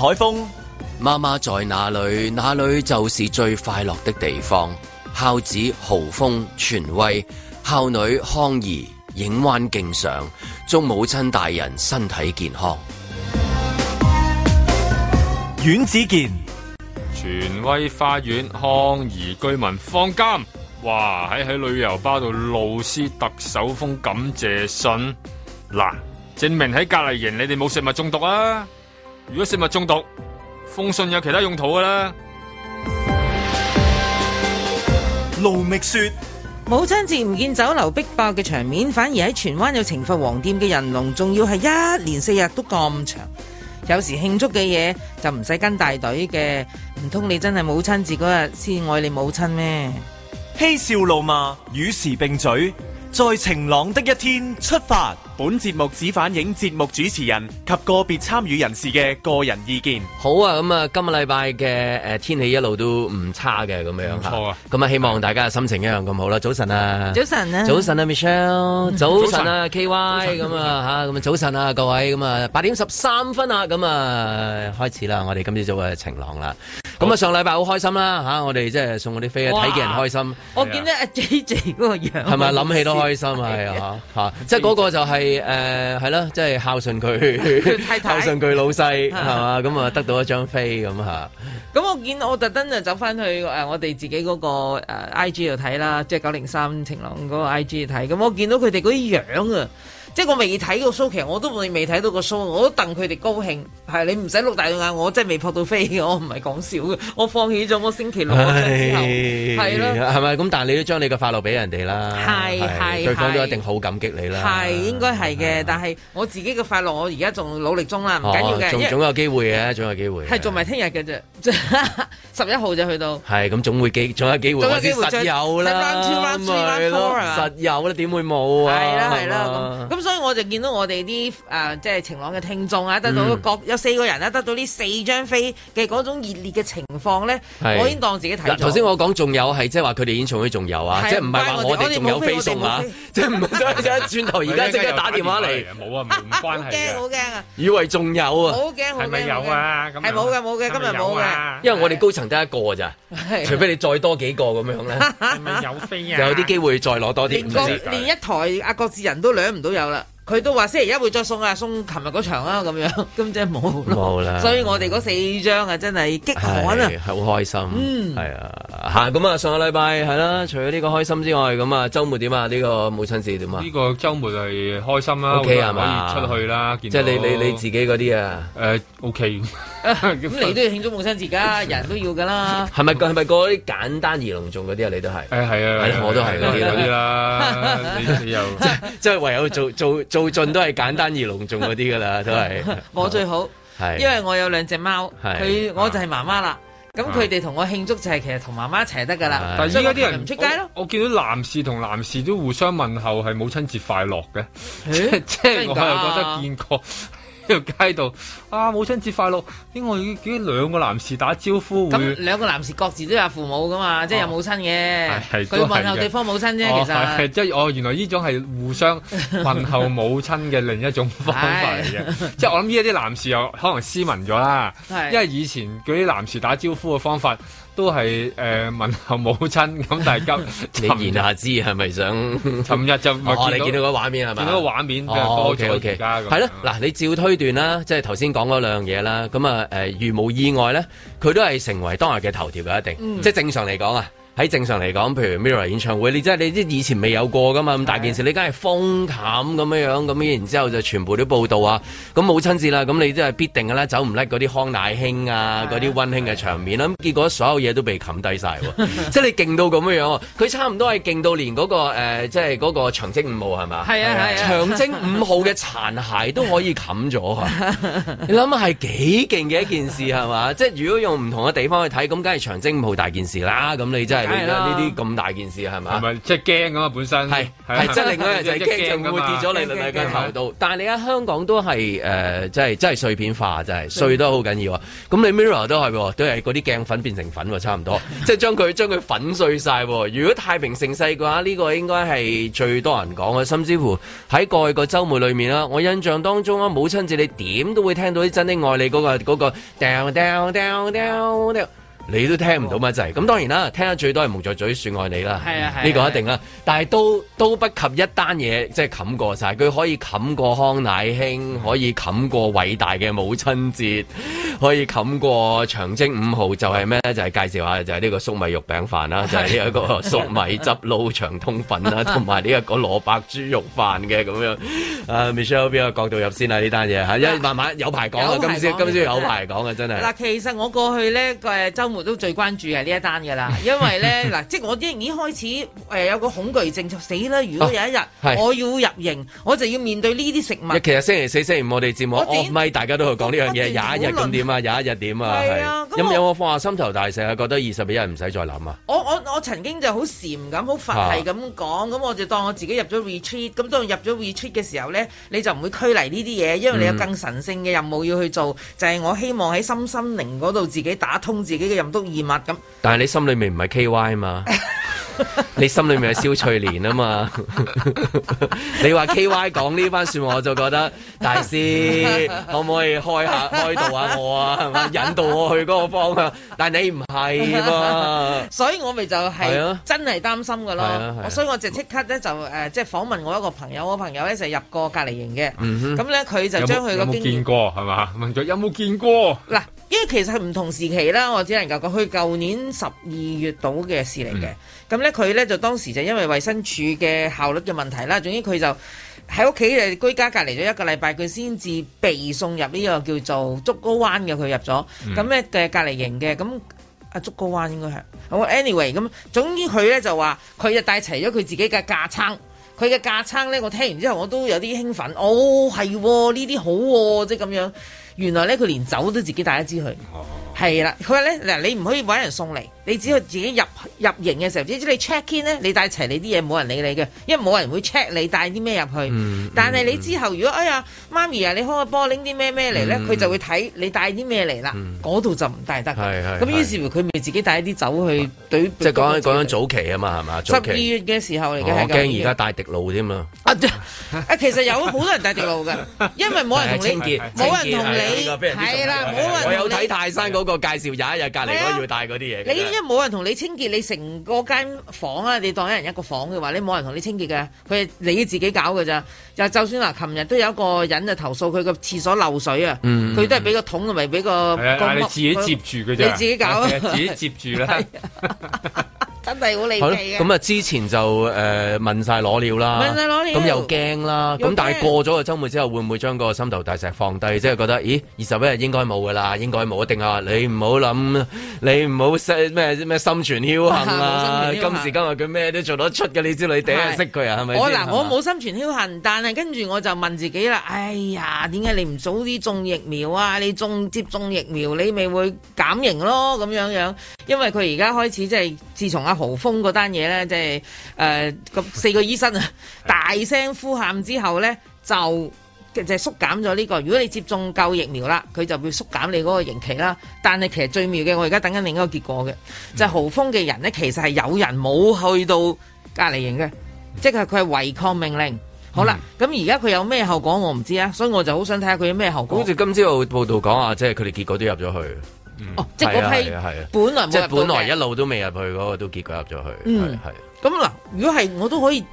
海風，媽媽在哪裏？哪裏就是最快樂的地方。孝子豪風，全威孝女康怡，影灣敬上，祝母親大人身體健康。阮子健，全威花園康怡居民放監。哇！喺喺旅遊巴度露斯特首封感謝信。嗱，證明喺隔離營你哋冇食物中毒啊！如果食物中毒，封信有其他用途嘅啦。盧覓雪，母親節唔見酒樓逼爆嘅場面，反而喺荃灣有懲罰黃店嘅人龍，仲要係一連四日都咁長。有時慶祝嘅嘢就唔使跟大隊嘅，唔通你真係母親節嗰日先愛你母親咩？嬉笑怒罵，與時並嘴，在晴朗的一天出發。本節目只反映節目主持人及個別參與人士嘅個人意見。好啊，咁啊，今個禮拜嘅誒天氣一路都唔差嘅，咁樣吓。咁啊，希望大家心情一樣咁好啦。早晨啊，早晨啊，早晨啊 Michelle 早晨啊 KY，咁啊吓，咁早晨啊，啊，各位，咁啊八點十三分啊，咁啊開始啦，我哋今朝早嘅晴朗啦。咁、哦、啊，上禮拜好開心啦，吓，我哋即係送嗰啲飛啊，睇見人開心。我看見咧阿 J J 嗰個樣是不是，係咪諗起都開心？啊？係啊，吓 即係嗰個就係、是。誒、嗯，係啦，即係孝順佢，孝順佢老細，係 嘛，咁啊，得到一張飛咁吓。咁 我見我特登就走翻去誒我哋自己嗰個誒 I G 度睇啦，即係九零三晴朗嗰個 I G 度睇。咁我見到佢哋嗰啲樣啊。即係我未睇過 show，其實我都未未睇到個 show。我都戥佢哋高興。係你唔使碌大對眼，我真係未撲到飛，我唔係講笑嘅。我放棄咗，我星期六嘅時候，係咪咁？但係你都將你嘅快樂俾人哋啦。係，係對方都一定好感激你啦。係應該係嘅，但係我自己嘅快樂，我而家仲努力中啦，唔緊要嘅。總有機會嘅，總有機會。係仲埋聽日嘅啫，十一號就去到。係咁，總會幾總有機會。總有實有實有啦，點、就是、會冇啊？係啦係啦所以我就見到我哋啲誒即係晴朗嘅聽眾啊，得到各有四個人啊，得到呢四張飛嘅嗰種熱烈嘅情況咧，我已經當自己睇。頭先我講仲有係即係話佢哋演唱會仲有啊，即係唔係話我哋仲有飛送啊？即係唔好再轉頭而家即刻 打電話嚟，冇啊，唔關係好驚好驚啊！啊以為仲有啊？好驚好驚！係咪、啊啊、有啊？冇嘅冇嘅，今日冇嘅。因為我哋高層得一個咋、啊，除非你再多幾個咁樣咧。有飛啊、就有啲機會再攞多啲。連一台阿郭自人都攣唔到有。佢都話星期一會再送啊，送琴日嗰場啦咁樣，咁即係冇喇。冇啦，所以我哋嗰四張啊，真係激罕啦，好開心。嗯，係啊，嚇咁啊，上個禮拜係啦，除咗呢個開心之外，咁啊，周末點啊？呢個母親節點啊？呢個周末係開心啦，O K 係嘛？可以出去啦，見到即係你你你自己嗰啲啊。誒，O K。Okay. 咁 你都要慶祝母親節噶，人都要噶啦。係咪係咪過啲簡單而隆重嗰啲啊？你都係。誒、哎，係啊，啊，啊，我啊啊都係嗰啲嗰啲啦。你都有即係唯有做做做盡都係簡單而隆重嗰啲噶啦，都係。 我最好係，因為我有兩隻貓，佢我就係媽媽啦。咁佢哋同我慶祝就係其實同媽媽一齊得噶啦。但依家啲人唔出街咯。我見到男士同男士都互相問候係母親節快樂嘅，即 係真的 我又覺得見過呢條街度。啊！母親節快樂！因為兩個兩個男士打招呼？咁、嗯、兩個男士各自都有父母噶嘛，即係有母親嘅。佢、哦哎、問候對方母親啫、哦，其實。即、哦、係、就是、哦，原來呢種係互相 問候母親嘅另一種方法嚟嘅、 哎。即係我諗呢一啲男士又可能斯文咗啦。 因為以前嗰啲男士打招呼嘅方法都係誒、呃、問候母親。咁大家 你言下之係咪想？琴 日就咪、哦、見到，你見到個畫面係咪見到個畫面。哦、嗯嗯、，OK OK，係咯。嗱、okay.，你照推斷啦，即係頭先講嗰兩樣嘢啦，咁啊，誒，如無意外咧，佢都係成為當日嘅頭條㗎，一定，嗯、即係正常嚟講啊。喺正常嚟講，譬如 Mirror 演唱會，你真係你啲以前未有過噶嘛咁大件事，你梗係封冚咁樣樣，咁然之後就全部都報道啊，咁母親節啦，咁你真係必定噶啦，走唔甩嗰啲康乃馨啊，嗰啲溫馨嘅場面啦，咁結果所有嘢都被冚低晒喎， 即係你勁到咁樣，佢差唔多係勁到連嗰、嗰個、呃、即係嗰個長征五號係嘛？係啊係啊！長征五號嘅殘骸都可以冚咗啊！ 你諗下係幾勁嘅一件事係嘛？即係如果用唔同嘅地方去睇，咁梗係長征五號大件事啦，咁你真係～呢啲咁大件事係咪係咪即係驚噶嘛？本身係係真係嗰陣時驚噶嘛。跌咗、啊、你，你個、啊啊、頭度。但係你而家香港都係誒，即、呃、係真係碎片化，真係碎得好緊要啊。咁你 Mirror 都係，都係嗰啲鏡粉變成粉，差唔多， 即係將佢將佢粉碎晒、啊。如果太平盛世嘅話，呢、這個應該係最多人講嘅，甚至乎喺過去個周末裏面啦，我印象當中啊母親節你點都會聽到啲真的愛你嗰個、嗰個叮叮叮叮叮叮叮叮你都聽唔到乜滯？咁當然啦，聽得最多係《蒙在嘴説愛你》啦，嗯，呢、啊呢個一定啦。但係都都不及一單嘢，即係冚過晒。佢，可以冚過康乃馨，可以冚過偉大嘅母親節，可以冚過長征五號。就係、是、咩就係、是、介紹下就係、是、呢個粟米肉餅飯啦，就係呢一個粟米汁撈長通粉啦，同埋呢一個蘿蔔豬肉飯嘅咁樣。 啊 Michelle 邊個角度入先啊？呢單嘢嚇，一慢慢、啊、有排講喇。今朝、啊、今朝有排講啊！真係嗱、啊，其實我過去呢個周。呃活都最關注嘅呢一單噶啦，因為咧嗱， 即係我已經開始誒、呃、有個恐懼症，就死啦！如果有一日我要入營、啊，我就要面對呢啲食物。其實星期四、星期五我哋節目，我咪大家都去講呢樣嘢，廿一日咁點啊？廿一日點啊？啊我有冇有有放下心頭大石啊？覺得二十幾日唔使再諗啊？我我我曾經就好禪咁，好佛系咁講，咁、啊、我就當我自己入咗 retreat。咁當入咗 retreat 嘅時候咧，你就唔會拘泥呢啲嘢，因為你有更神聖嘅任務要去做。嗯、就係、是、我希望喺心心靈嗰度自己打通自己嘅。咁多異物咁，但係你心裏面唔係 K Y 嘛？ 你心裏面係蕭翠蓮啊嘛？ 你說 KY 說話 K Y 講呢番說話，我就覺得大師 可唔可以開下開導下我啊？係嘛，引導我去嗰個方向。」但係你唔係噃，所以我咪就係真係擔心噶咯。所以我就即、啊啊啊、刻咧就誒，即係訪問我一個朋友，我朋友咧就入過隔離營嘅。咁咧佢就將佢個經有冇見過係嘛？問咗有冇見過嗱？ 因為其實係唔同時期啦，我只能夠講，佢舊年十二月度嘅事嚟嘅。咁、嗯、咧，佢咧就當時就因為衛生署嘅效率嘅問題啦，總之佢就喺屋企誒居家隔離咗一個禮拜，佢先至被送入呢個叫做竹篙灣嘅，佢入咗。咁咧嘅隔離營嘅，咁啊竹篙灣應該係。好，anyway，咁總之佢咧就話佢就帶齊咗佢自己嘅架撐，佢嘅架撐咧，我聽完之後我都有啲興奮。哦，係呢啲好、哦，即係咁樣。原來咧，佢連酒都自己帶一支去，係啦。佢話咧，嗱，你唔可以搵人送嚟。你只要自己入入營嘅時候，只要你 check in 咧，你帶齊你啲嘢，冇人理你嘅，因為冇人會 check 你帶啲咩入去。嗯嗯、但係你之後如果哎呀媽咪啊，你開個波拎啲咩咩嚟咧，佢、嗯、就會睇你帶啲咩嚟啦。嗰、嗯、度就唔帶得。咁於是乎佢咪自己帶一啲酒去即係、啊就是、講講緊早期啊嘛係嘛？十二月嘅時候嚟嘅。我驚而家帶滴露添嘛。啊 其實有好多人帶滴露嘅，因為冇人同你，冇、 啊、人同你係啦。人。我有睇泰山嗰個介紹，有一日隔離我要帶嗰啲嘢。因為冇人同你清潔，你成個間房啊，你當一人一個房嘅話，你冇人同你清潔嘅，佢係你自己搞嘅咋？就算話琴日都有一個人就投訴佢個廁所漏水啊，佢都係俾個桶同埋俾個，係啊，你自己接住佢就你自己搞啊，自己接住啦。 真係好離奇嘅。咁啊，之前就誒問晒攞料啦，問晒攞料，咁又驚啦。咁但係過咗個周末之後，會唔會將個心頭大石放低？即係覺得，咦，二十一日應該冇噶啦，應該冇一定啊。你唔好諗，你唔好咩咩心存僥倖啦。今時今日佢咩都做得出嘅，你知你點樣識佢啊？係咪？我嗱，我冇心存僥倖，但係跟住我就問自己啦。哎呀，點解你唔早啲種疫苗啊？你種接種疫苗，你咪會減刑咯咁樣樣。因為佢而家開始即係自從阿豪峰嗰單嘢咧，即係誒，四個醫生啊，大聲呼喊之後咧，就即係縮減咗呢個。如果你接種夠疫苗啦，佢就會縮減你嗰個刑期啦。但係其實最妙嘅，我而家等緊另一個結果嘅，就係豪峰嘅人咧，其實係有人冇去到隔離營嘅，即係佢係違抗命令。好啦，咁而家佢有咩後果我唔知啊，所以我就好想睇下佢有咩後果。好似今朝有報道講啊，即係佢哋結果都入咗去了。嗯、哦，即嗰批係、啊係啊係啊係啊、本嚟，即本來一路都未入去嗰、嗰個都結果入咗去。嗯，係。咁嗱、啊，如果係我都可以。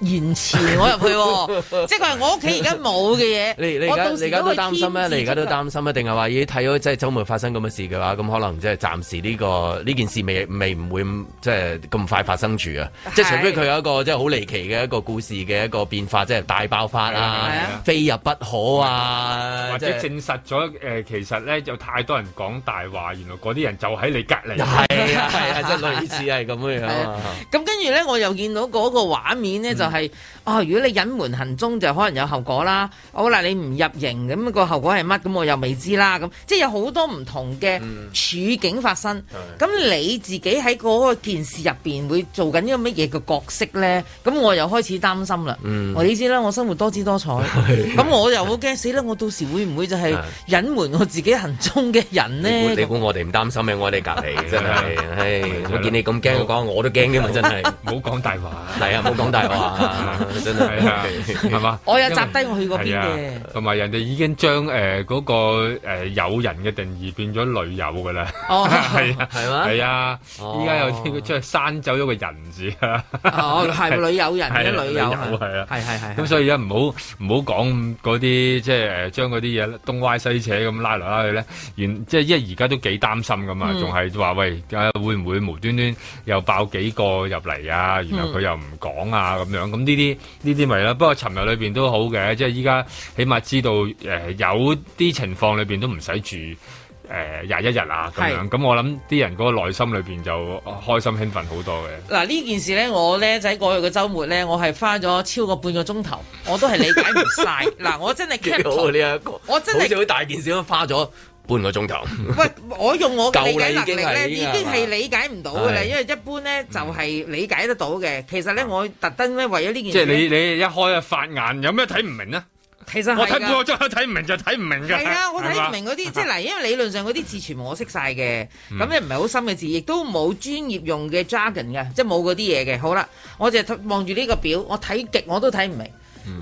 延遲我入去、哦，即係佢話我屋企而家冇嘅嘢。你你而家你而家都擔心咩？你而家都擔心啊？定係話已經睇咗即係周末發生咁嘅事嘅話，咁可能即係暫時呢、呢個呢件事未未唔會即係咁快發生住啊！即 係除非佢有一個即係好離奇嘅一個故事嘅一個變化，即、就、係、是、大爆發啊，啊啊非入不可啊，啊、就是，或者證實咗誒、呃，其實咧有太多人講大話，原來嗰啲人就喺你隔離係啊，係啊，即、就、係、是、類似係咁樣。咁跟住咧，我又見到嗰個畫面咧就。嗯就係、是、啊、哦！如果你隱瞞行蹤，就可能有後果啦。好、哦、啦，你唔入營咁、那個後果係乜？咁我又未知啦。咁即係有好多唔同嘅處境發生。咁、嗯、你自己喺嗰件事入邊會做緊一個乜嘢嘅角色咧？咁我又開始擔心啦。我你知啦，我生活多姿多彩。咁我又好驚死啦！我到時會唔會就係隱瞞我自己行蹤嘅人咧？你估我哋唔擔心咩？ 真的、 哎？我哋隔離真係。我見你咁驚嘅講，我都驚嘅嘛， 真係。唔好講大話。係 啊，唔好講大話。啊 是吧，真係啊，係嘛？我又有紮低我去過邊嘅。同埋人哋已經將誒嗰個誒友、呃、人嘅定義變咗女友噶啦。哦，係 啊，係啊，係啊，依家又即係刪走咗個人字啊。哦，係、 呃、女友人，即女友係啊，係係係。咁、啊啊啊啊啊嗯、所以而家唔好唔好講嗰啲即係誒，將嗰啲嘢東歪西扯咁拉嚟拉去咧。原即係而家都幾擔心噶嘛，仲係話喂，啊、會唔會無端端又爆幾個入嚟啊？然後佢又唔講啊咁樣。咁呢啲呢啲咪啦，不過尋日裏面都好嘅，即係依家起碼知道、呃、有啲情況裏面都唔使住誒廿一日啊咁樣，咁、嗯、我諗啲人嗰個內心裏面就開心興奮好多嘅。嗱呢件事咧，我咧喺、就是、過去嘅週末咧，我係花咗超過半個鐘頭，我都係理解唔晒。嗱， 我真係驚到呢一個，我真係好大件事都花咗。半個鐘頭，喂，我用我嘅理解能力咧，已經係理解唔到噶啦，因為一般咧、嗯、就係理解得到嘅。其實咧，嗯、我特登咧為咗呢件，即係你你一開啊發眼，有咩睇唔明咧？其實我睇半個鐘頭睇唔明就睇唔明嘅。係啊，我睇唔明嗰啲，即係嗱，因為理論上嗰啲字全部我識晒嘅，咁你唔係好深嘅字，亦都冇專業用嘅 jargon 嘅，即係冇嗰啲嘢嘅。好啦，我就望住呢個表，我睇極我都睇唔明。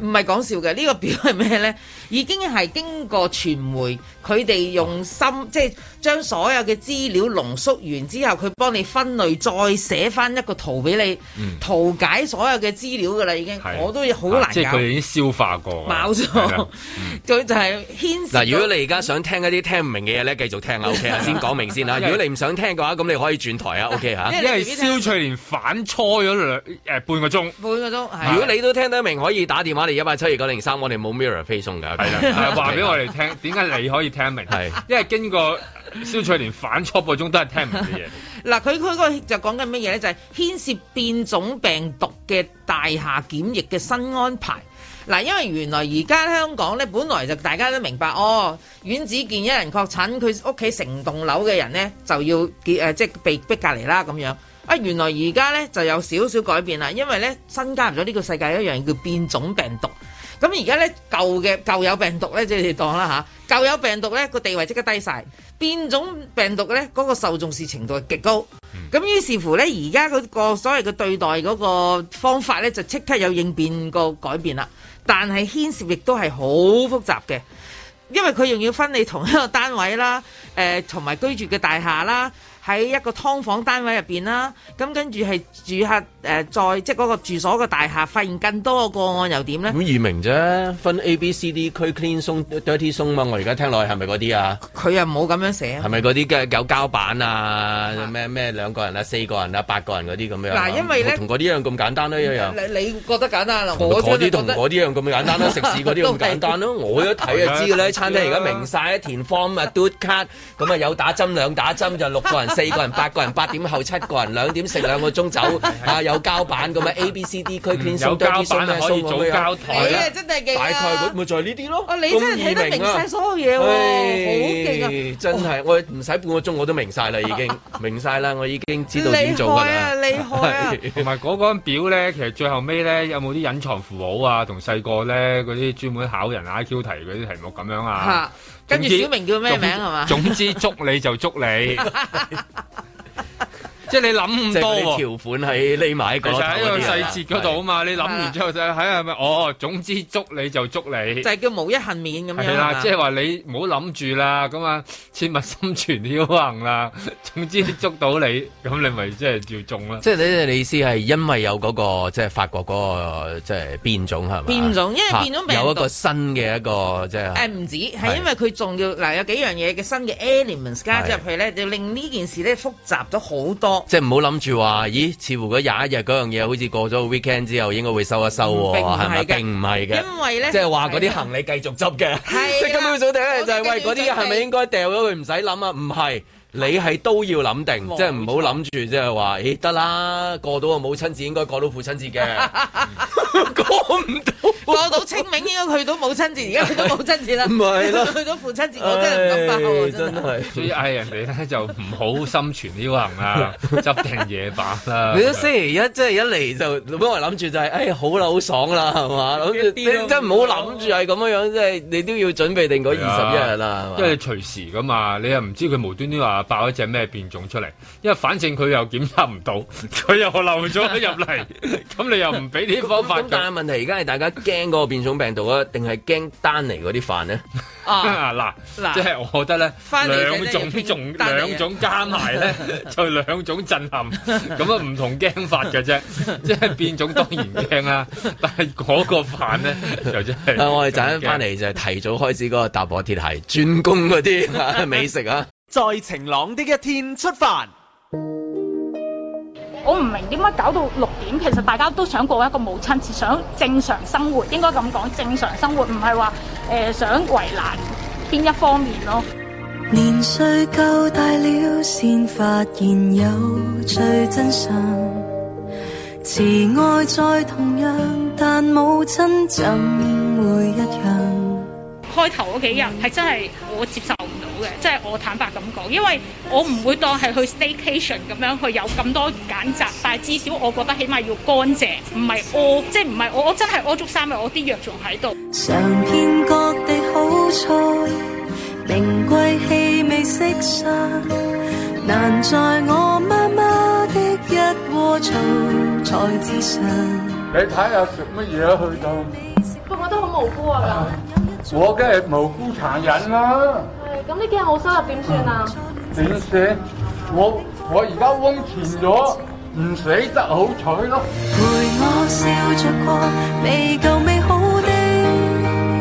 唔係講笑嘅，呢、個表係咩咧？已經係經過傳媒，佢哋用心，啊、即係將所有嘅資料濃縮完之後，佢幫你分類，再寫翻一個圖俾你、嗯，圖解所有嘅資料嘅啦。已經，我都好難、啊，即係佢哋已經消化過，冇錯。佢、嗯、就係牽涉嗱。如果你而家想聽一啲聽唔明嘅嘢咧，繼續聽啊，OK 啊， 先講明先啦。如果你唔想聽嘅話，咁你可以轉台 okay? 啊，OK 吓、啊。因爲肖翠蓮反初咗兩誒半個鐘半個鐘，如果你都聽得明，可以打電。我哋一八七二九零三，啊、我哋冇 mirror 飛送噶。係啦，話俾我哋聽，點解你可以聽明？係， 因為經過蕭翠蓮反 t 步中嗰鐘都係聽唔明嘅嘢。嗱， 佢佢嗰就講緊乜嘢咧？就係、是、牽涉變種病毒嘅大廈檢疫嘅新安排。嗱，因為原來而家香港咧，本來就大家都明白，哦，阮子健，一人確診，佢屋企成棟樓嘅人咧就要誒，即係被逼隔離啦咁樣。啊，原來而家咧就有少少改變啦，因為咧新加入咗呢個世界一樣叫變種病毒。咁而家咧舊嘅舊有病毒咧，即係你當啦嚇，舊有病毒咧個地位即刻低晒，變種病毒咧嗰個受重視程度係極高。咁、嗯、於是乎咧，而家嗰個所謂嘅對待嗰個方法咧，就即刻有應變個改變啦。但係牽涉亦都係好複雜嘅，因為佢仲要分你同一個單位啦，誒同埋居住嘅大廈啦。喺一個劏房單位入邊啦，咁跟住係住客誒在、呃、即係嗰個住所嘅大廈，發現更多個案又點咧？咁易明啫，分 A、B、C、D 區 clean zone, dirty zone 嘛。我而家聽落去係咪嗰啲啊？佢又冇咁樣寫。係咪嗰啲嘅有膠板啊？咩、啊、咩兩個人啊、四個人啊、八個人嗰啲咁樣？嗱、啊，因為咧同嗰啲一樣咁簡單啦一樣。你覺得簡單嗰啲同嗰啲一樣咁簡單啦、啊， 食肆嗰啲咁簡單啦、啊。我一睇就知㗎啦、啊。餐廳而家明晒，一 填 form 啊，do o d cut 咁啊，有打針 兩打針就六個人。 四個人、八個人、八點後七個人，兩點食兩個鐘走。啊，有膠板咁啊，A、B、C、D 區拼數多有膠板可以做膠台、哎、真係、啊、大概會會在呢啲咯。啊、你真係睇得明晒所有嘢喎！好勁、啊、真係，我唔使半個鐘我都明晒啦，已經明晒啦，我已經知道點做㗎啦、啊。厲害同埋嗰個表咧，其實最後尾咧，有冇啲隱藏符號啊？同細個咧嗰啲專門考人 IQ 題嗰啲題目咁樣啊？跟住小明叫咩名係嘛？總之捉你就捉你。即係你諗唔多喎，條款係匿埋個就係呢個細節嗰度啊嘛！你諗完之後就睇係咪？哦，總之捉你就捉你，就係叫無一倖免咁樣係啦。即係話你唔好諗住啦，咁啊切勿心存僥倖啦。總之捉到你，咁你咪即係要中啦。即係你嘅意思係因為有嗰個即係法國嗰個即係變種係咪？變種因為變種病毒有一個新嘅一個即係誒唔止係因為佢仲要嗱有幾樣嘢嘅新嘅 elements 加入去咧，就令呢件事咧複雜咗好多。即係唔好諗住話，咦？似乎嗰廿一日嗰樣嘢好似過咗 weekend 之後，應該會收一收喎，係咪？並唔係嘅，因為咧，即係話嗰啲行李繼續執嘅。即係根本第一日就係、是、喂，嗰啲係咪應該掉咗佢唔使諗啊？唔係。你係都要諗定，即係唔好諗住，即係話，咦，得啦，過到個母親節應該過到父親節嘅， 過唔到，過到清明應該去到母親節，而家去到母親節、哎、唔係啦，唔係，去到父親節、哎、我真係唔得，真係，所以嗌人哋咧就唔好心存僥倖啊， 執定嘢板啦。你都星期一即係一嚟就，本來諗住就係、就係，哎好啦好爽啦，係嘛？真唔好諗住係咁樣，即、哦、係你都要準備定嗰二十一日啦、啊，因為隨時噶嘛，你又唔知佢無端端話。爆一隻咩變種出嚟？因為反正佢又檢測唔到，佢又漏咗入嚟，咁 你又唔俾呢啲方法。咁但係問題，而家係大家驚嗰個變種病毒丹犯呢 啊，定係驚丹尼嗰啲飯呢啊嗱，嗱、啊、即係我覺得咧，兩種仲兩種加埋咧，就兩種震撼。咁啊，唔同驚法嘅啫，即係變種當然驚啦，但係嗰個飯咧就真係、啊、我哋陣間翻嚟就提早開始嗰個踏破鐵鞋，專攻嗰啲、啊、美食啊！在晴朗的一天出發，我唔明點解搞到六點，其實大家都想過一個母親節，想正常生活，應該咁講，正常生活唔係話誒想為難邊一方面咯。年歲夠大了，先發現有最真相，慈愛再同樣，但母親怎會一樣。開頭嗰幾日係真係我接受即係我坦白咁講，因為我唔會當係去 staycation 咁樣去有咁多揀擇，但係至少我覺得起碼要乾淨，唔係屙，即係唔係我我真係屙足三日，我啲藥仲喺度。嘗遍各地好菜，名貴氣味色相，難在我媽媽的一鍋醋才自上。你睇下食乜嘢，去到？不過我都好無辜啊！啊我梗係無辜殘忍啦。咁呢幾日冇收入點算啊？點、嗯、算？我我而家溫存咗，唔死得好彩咯。陪我笑着過未夠美好的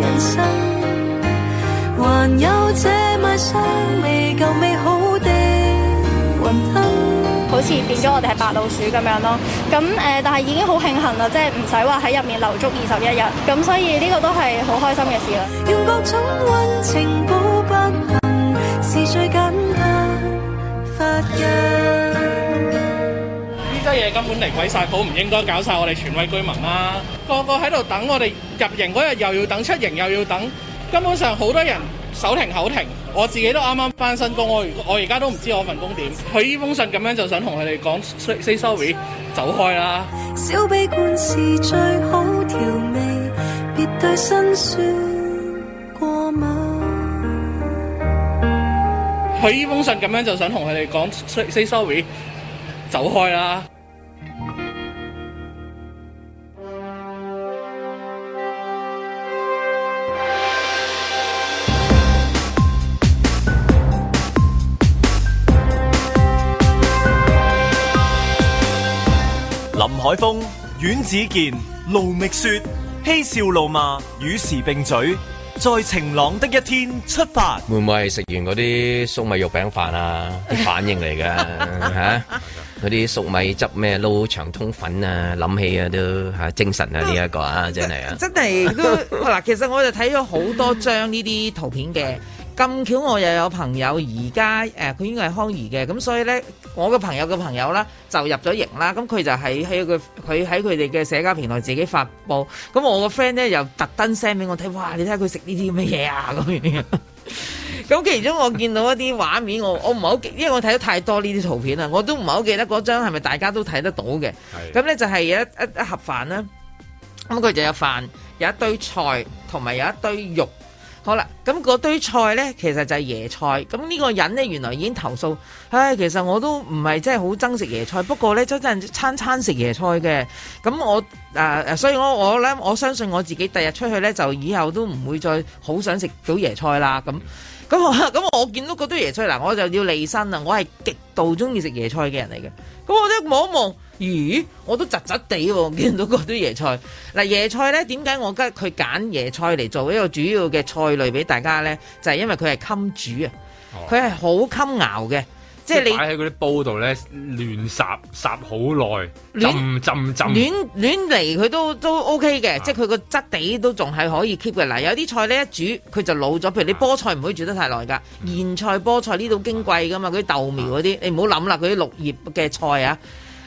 人生，還有這賣相未夠美好。似變咗我哋係白老鼠咁樣咯，咁誒、呃，但係已經好慶幸啦，即係唔使話喺入面留足二十一日，咁所以呢個都係好開心嘅事啦。用各種溫情補不能是最簡單發人呢堆嘢根本嚟鬼晒，好唔應該搞晒我哋全位居民啦，個個喺度等我哋入營嗰日又要等出營又要等，根本上好多人手停口停。我自己都啱啱翻新工，我現在我而家都唔知我份工點。佢依封信咁樣就想同佢哋講 say sorry，走開啦。小悲觀是最好調味，別對辛酸過敏。佢依封信咁樣就想同佢哋講 say sorry，走開啦。海風、阮子健、盧覓雪，嬉笑怒罵，與時並嘴。在晴朗的一天出發。妹妹係食完嗰啲粟米肉餅飯啊，啲反應嚟㗎吓，嗰啲粟米汁咩撈長通粉啊，諗起啊都吓精神啊呢一個啊，真係啊，真係都嗱，其實我就睇咗好多張呢啲圖片嘅。咁巧我又有朋友而家誒，佢、呃、應該係康怡嘅，咁所以咧，我個朋友嘅朋友啦，就入咗營啦，咁佢就喺喺佢佢喺佢哋嘅社交平台自己發佈，咁我個 friend 咧又特登 send 俾我睇，哇！你睇下佢食呢啲咁嘅嘢啊，咁樣，咁 其中我見到一啲畫面，我我唔係好記得，因為我睇得太多呢啲圖片啦，我都唔係好記得嗰張係咪大家都睇得到嘅。咁咧就係一一一盒飯啦，咁佢就有飯，有一堆菜，同埋有，有一堆肉。好啦，咁嗰堆菜呢，其實就係椰菜。咁呢個人呢，原來已經投訴，唉，其實我都唔係真係好憎食椰菜，不過呢，真真餐餐食椰菜嘅。咁我啊、呃，所以我我呢，我相信我自己第日出去呢，就以後都唔會再好想食到椰菜啦。咁。咁 咁我見到嗰堆椰菜，嗱，我就要離身啦。我係極度中意食椰菜嘅人嚟嘅。咁我咧望一望，咦？我都窒窒地喎，見到嗰堆椰菜。嗱，椰菜咧點解我得佢揀椰菜嚟做一個主要嘅菜類俾大家咧？就係、是、因為佢係冚煮啊，佢係好冚熬嘅。即係你擺喺嗰啲煲度咧，亂霎霎好耐，浸浸浸，亂亂嚟佢都都 OK 嘅，即係佢個質地都仲係可以 keep 嘅。嗱，有啲菜咧一煮佢就老咗，譬如你菠菜唔可以煮得太耐噶，芫菜、菠菜呢度矜貴噶嘛，嗰啲豆苗嗰啲，你唔好諗啦，嗰啲綠葉嘅菜啊。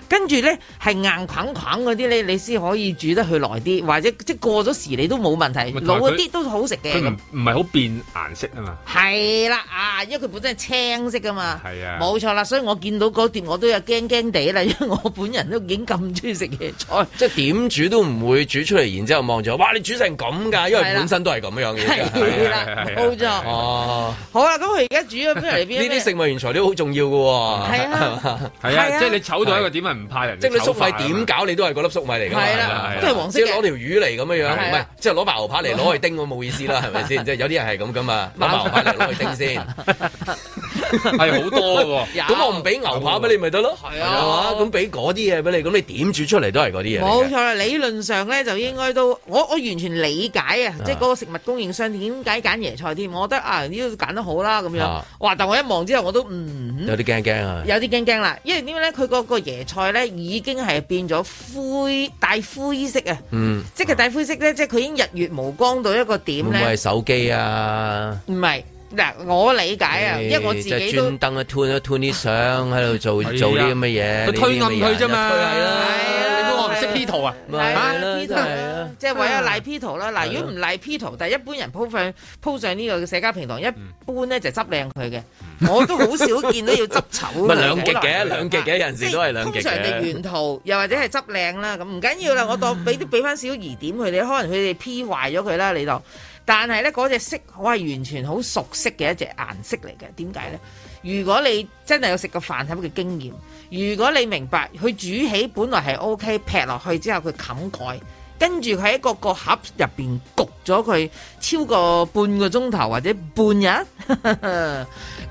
跟住咧，係硬滾滾嗰啲咧，你先可以煮得佢耐啲，或者即係過咗時你都冇問題，老一啲都好食嘅。佢唔係好變顏色啊嘛。係啦，啊，因為佢本身係青色噶嘛。係啊。冇錯啦，所以我見到嗰碟我都有驚驚地啦，因為我本人都已經咁中意食野菜，即係點煮都唔會煮出嚟，然之後望住我，哇！你煮成咁㗎，因為本身都係咁樣嘅。係啦，冇錯。哦。好啦，咁佢而家煮咗邊嚟邊？呢啲食物原材料好重要嘅喎。係啊。係啊。即係你醜到一個點係。唔派人，即係你粟米點搞，你都係嗰粒粟米嚟噶，係啦，係係黃色。即係攞條魚嚟咁樣，唔係，即係攞白牛扒嚟攞去叮，我冇意思啦，係咪先？即 係有啲人係咁噶嘛，攞牛扒嚟攞去叮先。 係 好多喎、啊，咁我唔俾牛扒俾你咪得咯，係啊，咁俾嗰啲嘢俾你，咁你點煮出嚟都係嗰啲嘢。冇錯啦，理論上咧就應該都，我我完全理解啊，即係嗰個食物供應商點解揀椰菜添？我覺得啊，呢個揀得好啦，咁樣，哇！但我一望之後，我都嗯，有啲驚驚啊，有啲驚驚啦，因為點解咧？佢嗰個椰菜咧已經係變咗灰帶灰色啊，嗯，即係帶灰色咧，即係佢已經日月無光到一個點咧，會係手機啊？唔、嗯、係。嗱，我理解啊，因為我自己都專登啊，turn 啊，turn 啲相喺度做做啲咁嘅嘢，佢推唔推啫嘛？推係啦，你估我唔識 P 圖啊？唔係啦，P 圖啦，即係為咗賴 P 圖啦。嗱，如果唔賴 P 圖，但係一般人鋪上鋪上呢個社交平台，一般咧就執靚佢嘅，我都好少見到要執醜嘅。咪兩極嘅，兩極嘅，有時都係兩極嘅。通常嘅原圖，又或者係執靚啦，咁唔緊要啦。我當俾啲俾翻少疑點佢哋，可能佢哋 P 壞咗佢啦，你就。但係咧，嗰隻色我係完全好熟悉嘅一隻顏色嚟嘅。點解呢？如果你真係有食過飯盒嘅經驗，如果你明白佢煮起本來係 O K，劈落去之後佢冚蓋改，跟住佢喺個個盒入邊焗咗佢超過半個鐘頭或者半日，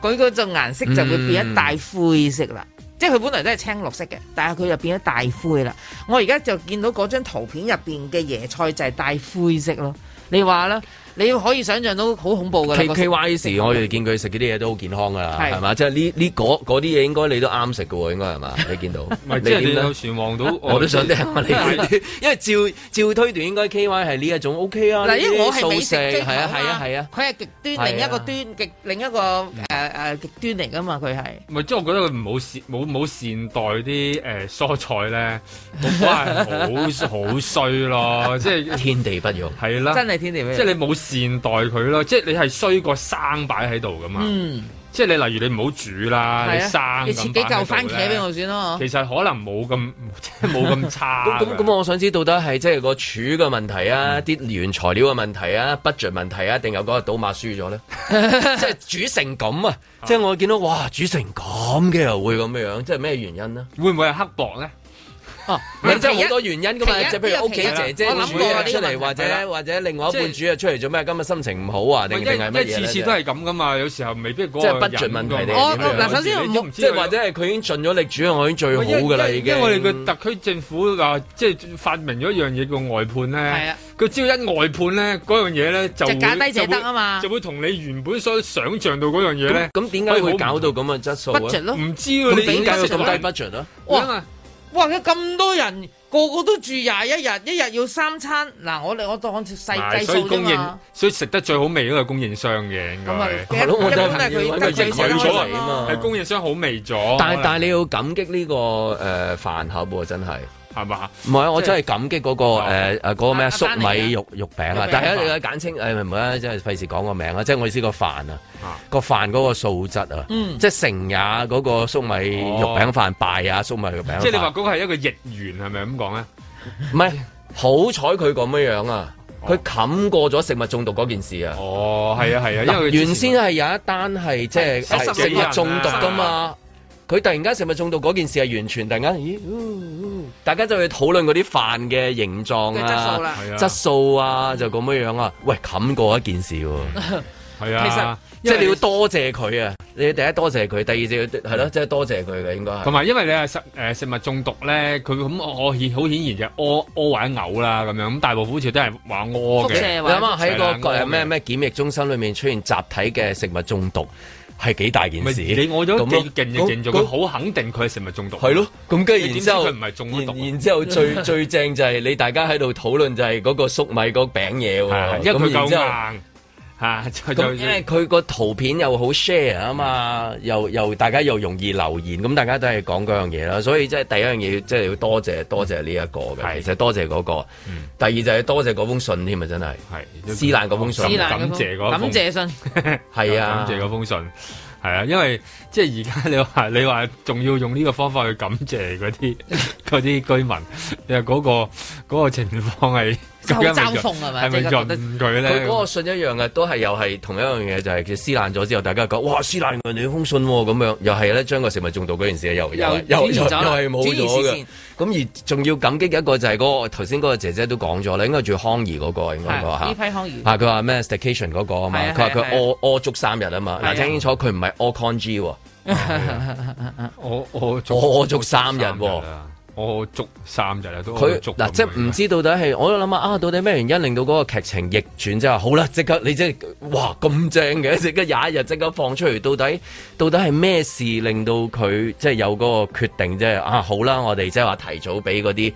佢 嗰種顏色就會變一大灰色啦。嗯、即係佢本來都係青綠色嘅，但係佢就變咗大灰啦。我而家就見到嗰張圖片入邊嘅椰菜就係大灰色咯。你話啦？你可以想象到好恐怖噶。K K Y 時，我哋見佢食嗰啲嘢都好健康噶啦，係嘛？即係呢呢嗰啲嘢，應該你都啱食噶喎，應該係嘛？你見到，即 係你有望到， 我都想聽、啊、 你， 因為照照推斷應該 K Y 係呢一種，種 O、OK、K 啊。嗱，因為我係素食，係啊係啊係啊，佢係、啊啊、極端、啊、另一個端極另一個誒誒、 啊啊、極端嚟噶嘛，佢係。唔係即係我覺得佢唔好善唔善待啲誒蔬菜咧，哇，好好衰咯！即係天地不容，係啦，真係天地不容，即係你冇。善待佢咯，即係你係衰過生擺喺度噶嘛。嗯、即係你例如你唔好煮啦，啊，你生，你自己嚿番茄俾我先咯，啊。其實可能冇咁，即係冇咁差。咁咁，我想知到底係即係個煮嘅問題啊，啲、嗯、原材料嘅問題啊，budget 問題啊，定係嗰個賭馬輸咗咧？ 即係煮成咁啊！ 即係我見到哇，煮成咁嘅又會咁樣樣，即係咩原因咧？會唔會係刻薄咧？哦、啊，即係好多原因噶嘛，即係譬如屋企姐姐出嚟、啊，或者，啊或者啊、或者另外一半煮啊出嚟做咩？今、啊、日、啊、心情唔好啊，定定係咩即係次次都係咁噶嘛，有時候未必個即係、啊就是、budget 問題嗱，首先唔知，不知，即、啊、係、啊、或者係佢已經盡咗力煮，我已經最好噶啦，已經。因為我哋嘅特區政府啊，即係發明咗一樣嘢叫外判咧。係啊。佢只要一外判咧，嗰樣嘢咧就就得㗎嘛，就會同你原本所想象到嗰樣嘢咧，咁點解會搞到咁嘅質素咯，唔知你點解咁低 budget 哇！咁多人個個都住廿一日，一日要三餐嗱，我哋，我當成細計數啫所以供應，所以食得最好味嗰個供應商嘅。咁啊，係咯，我真係佢已經得佢嚟嘛，係供應商好味咗。但係但係你要感激呢、呢個誒、呃、飯盒喎、啊，真係。係嘛？唔係，我真係感激嗰、嗰個誒誒嗰個咩粟米肉肉餅啊！但係簡稱誒唔好啦，即係費事講個名啊，即係我意思個飯啊，啊個飯嗰個素質啊，嗯、即係成也嗰個粟米肉餅飯，敗也粟米肉餅飯。即係你話嗰個係一個逆緣，係咪咁講啊？唔係，是不是這嗯、 好彩佢咁樣樣啊！佢冚過咗食物中毒嗰件事啊！哦，係啊係啊，因為原先係有一單係即係食物中毒噶嘛。就是佢突然間食物中毒嗰件事係完全突然間，咦，呃呃呃、大家就去討論嗰啲飯嘅形狀啊、質素啦、啊、質素啊，就咁樣樣啊，喂，冚過一件事喎、係啊，啊，其實即係你要多謝佢啊，你第一多謝佢，第二隻係咯，即係多謝佢嘅應該。同埋因為你係食食物中毒咧，佢咁我好顯然就屙屙或者嘔啦咁樣，咁大部分好似都係話屙嘅。你諗下喺個咩咩檢疫中心裏面出現集體嘅食物中毒？係幾大件事。你我咗啲勁勁勁咗佢，好肯定佢係食物中毒。係咯，咁跟住然之後，佢唔係中毒，然之後最 最正就係、是、你大家喺度討論就係嗰個粟米嗰餅嘢喎，因為佢吓、啊，咁即佢個圖片又好 share 啊嘛，又又大家又容易留言，咁大家都係講嗰樣嘢啦，所以即係第一樣嘢，即、就、係、是、要多謝多謝呢一、這個嘅，係就多、是、謝嗰、那個、嗯，第二就係多謝嗰封信添啊，真係，係撕爛嗰封信，封信封感謝嗰封，感謝信，係啊， 感謝嗰封信，係啊，因為即係而家你話你話仲要用呢個方法去感謝嗰啲嗰啲居民，因為嗰個嗰、那個情況係。是是就咪鋒係咪？係咪得佢咧，佢嗰個信一樣嘅，都係又係同一樣嘢，就係、是、佢撕爛咗之後，大家講哇撕爛兩封信喎、哦，咁樣又係咧將個食物中毒嗰件事又又又又又係冇咗嘅。咁而仲要感激一個就係嗰、那個頭先嗰個姐姐都講咗咧，應該住康怡嗰、那個係嗰個嚇。呢批康怡嚇佢、啊、話咩？Station 嗰、那個啊，他他啊嘛，佢話佢屙屙足三日啊嘛，嗱聽清楚，佢唔係屙 cong 喎，屙屙、啊、足三日。我捉三日啦，都佢嗱，即係唔知到底係我都諗下啊，到底咩原因令到嗰個劇情逆轉？即係話好啦，即刻你即係哇咁正嘅，即刻廿一日即刻放出嚟，到底到底係咩事令到佢即係有嗰個決定即係啊，好啦，我哋即係話提早俾嗰啲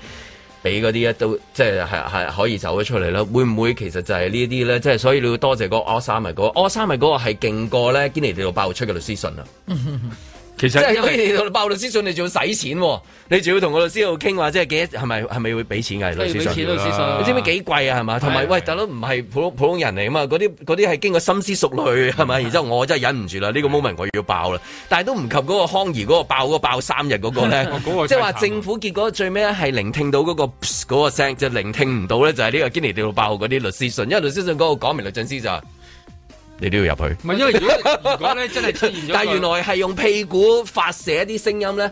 俾嗰啲一都即係係係可以走咗出嚟啦。會唔會其實就係呢啲咧？即係所以你要多謝嗰個阿 Sam 嗰個阿 Sam 嗰個係勁過咧，堅尼地道爆出嘅律師信啊！ 其實佢哋到爆律師信你、啊，你仲要使錢喎？你仲要同個律師喺度傾話，即係幾？係咪係咪會俾錢㗎、啊？俾錢律師信，啦你知唔知幾貴啊？係嘛？同埋喂，大佬唔係普普通人嚟啊嘛？嗰啲啲係經過深思熟慮係咪？ 然之後我真係忍唔住啦，呢、呢個 moment 我要爆啦！但係都唔及嗰個康怡嗰個爆個爆三日嗰個咧，即係話政府結果最尾咧係聆聽到嗰個嗰個聲，就係、聆聽唔到咧就係呢個堅尼地道爆嗰啲律師信，因為律師信嗰個講明律政司就。你都要入去，唔係因為如果如果咧真係出現咗，但係原來係用屁股發射一啲聲音咧。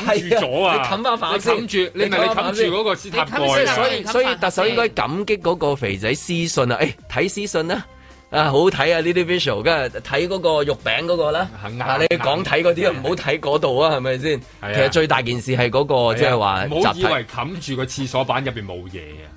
住咗啊！你冚翻飯先，你咪你冚住嗰個，所以所以，所以特首應該感激嗰個肥仔私信啊！誒、哎，睇私信啦、啊，啊好睇啊！呢啲 visual，跟住睇嗰個肉餅嗰個啦、啊嗯，你講睇嗰啲，唔好睇嗰度啊，係咪先？其實最大件事係嗰、那個，即係話，唔好、就是、以為冚住個廁所板入邊冇嘢啊！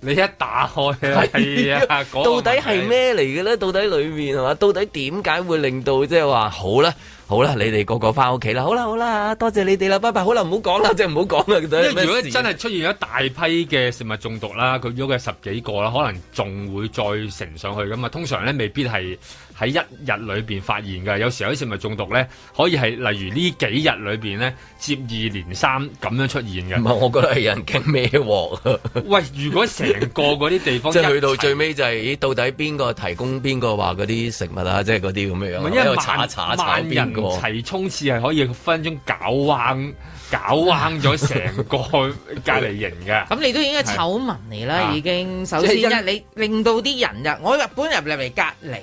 你一打開、啊，係啊、哎那個，到底係咩嚟嘅咧？到底裏面係嘛？到底點解會令到即係話好咧、啊？好啦，你哋個個翻屋企啦，好啦好啦，多謝你哋啦，拜拜，好啦唔好講啦，即係唔好講啦，對，因為，如果真係出現一大批嘅食物中毒啦，佢咗嘅十幾個啦，可能仲會再乘上去咁嘛，通常咧未必係。喺一日裏邊發現嘅，有時候好似食物中毒咧，可以係例如這幾裡面呢幾日裏邊咧接二連三咁樣出現嘅。唔係，我覺得係人驚咩喎？ 喂，如果成個嗰啲地方即 係去到最尾就係、是、 咦？到底邊個提供邊個話嗰啲食物啊？即係嗰啲咁咩嘢？因為萬查查查萬人齊衝刺係可以分鐘搞彎搞彎咗成個隔離營嘅。咁 你都已經係醜聞嚟啦，已經、啊、首先一、就是、你令到啲人入我日本入嚟隔離。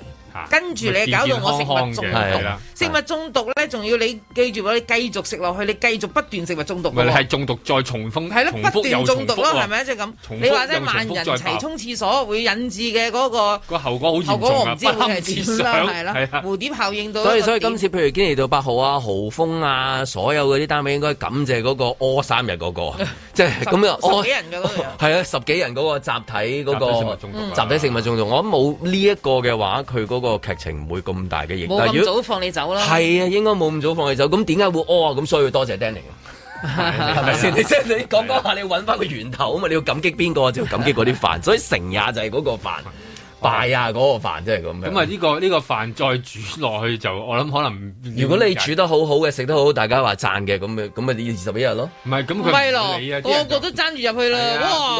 跟住你搞到我食物中毒，見見食物中毒咧，仲要你記住你繼續食落去，你繼續不斷食物中毒。咪係中毒再重複，係咯，不斷中毒咯，係咪即係咁，你話齋萬人齊沖廁所會引致嘅嗰、嗰個個後果，好後果我唔知會係點咯，係咯，蝴蝶效應到。所以所以今次譬如堅尼道八號啊、豪豐啊，所有嗰啲單位應該感謝嗰個屙三日嗰個，即係咁樣。十幾人噶係啊，十幾人嗰個集體嗰個集體食物中毒。我諗冇呢一個嘅話，佢嗰。個劇情唔會咁大嘅影響。冇咁早放你走啦。係啊，應該冇咁早放你走。咁點解會哦？啊？咁所以要多謝，謝 Danny 是不是。係咪先？你即係你講講下，你揾翻個源頭啊嘛！你要感激邊個，就要感激嗰啲飯。所以成日就係嗰個飯。 敗啊！嗰個飯真係咁樣。咁啊、呢個，呢個呢個飯再煮落去就，我諗可能。如果你煮得好好嘅，食得好，好，大家話讚嘅，咁咪咁你要二十一日咯。唔係咁佢。咪咯，個個都爭住入去啦。哇、啊！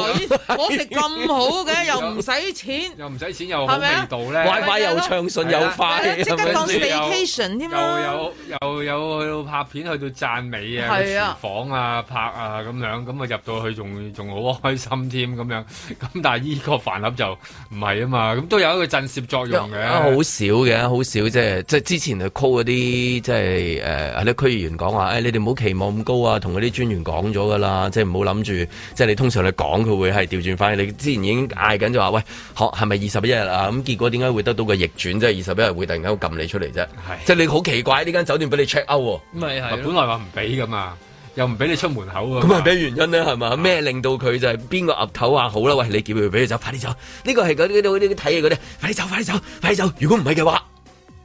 我食咁好嘅，又唔使錢。又唔使錢又。好味道 WiFi 又暢順、啊、又快，即刻放 station 添啊！又又又又拍片去到讚美啊，廚房啊拍啊咁樣，咁啊入到去仲仲好開心添咁樣。咁但係依個飯盒就唔係啊嘛。咁都有一個震懾作用嘅，好少嘅，好少即係即係之前去 call 嗰啲即係係啲區議員講話、哎，你哋唔好期望咁高啊，同嗰啲專員講咗噶啦，即係唔好諗住，即係你通常你講佢會係調轉翻，你之前已經嗌緊就話喂，好係咪二十一日啊？咁結果點解會得到個逆轉，即係二十一日會突然間撳你出嚟啫？係即係你好奇怪呢間酒店俾你 check out 喎，咪係本來話唔俾噶嘛。又唔俾你出門口啊，咁係咩原因咧係嘛？咩令到佢就係邊個岌頭話好啦？喂，你叫佢俾你走，快啲走！呢個係嗰啲啲睇嘅嗰啲，快啲走，快啲走，快啲走！如果唔係嘅話，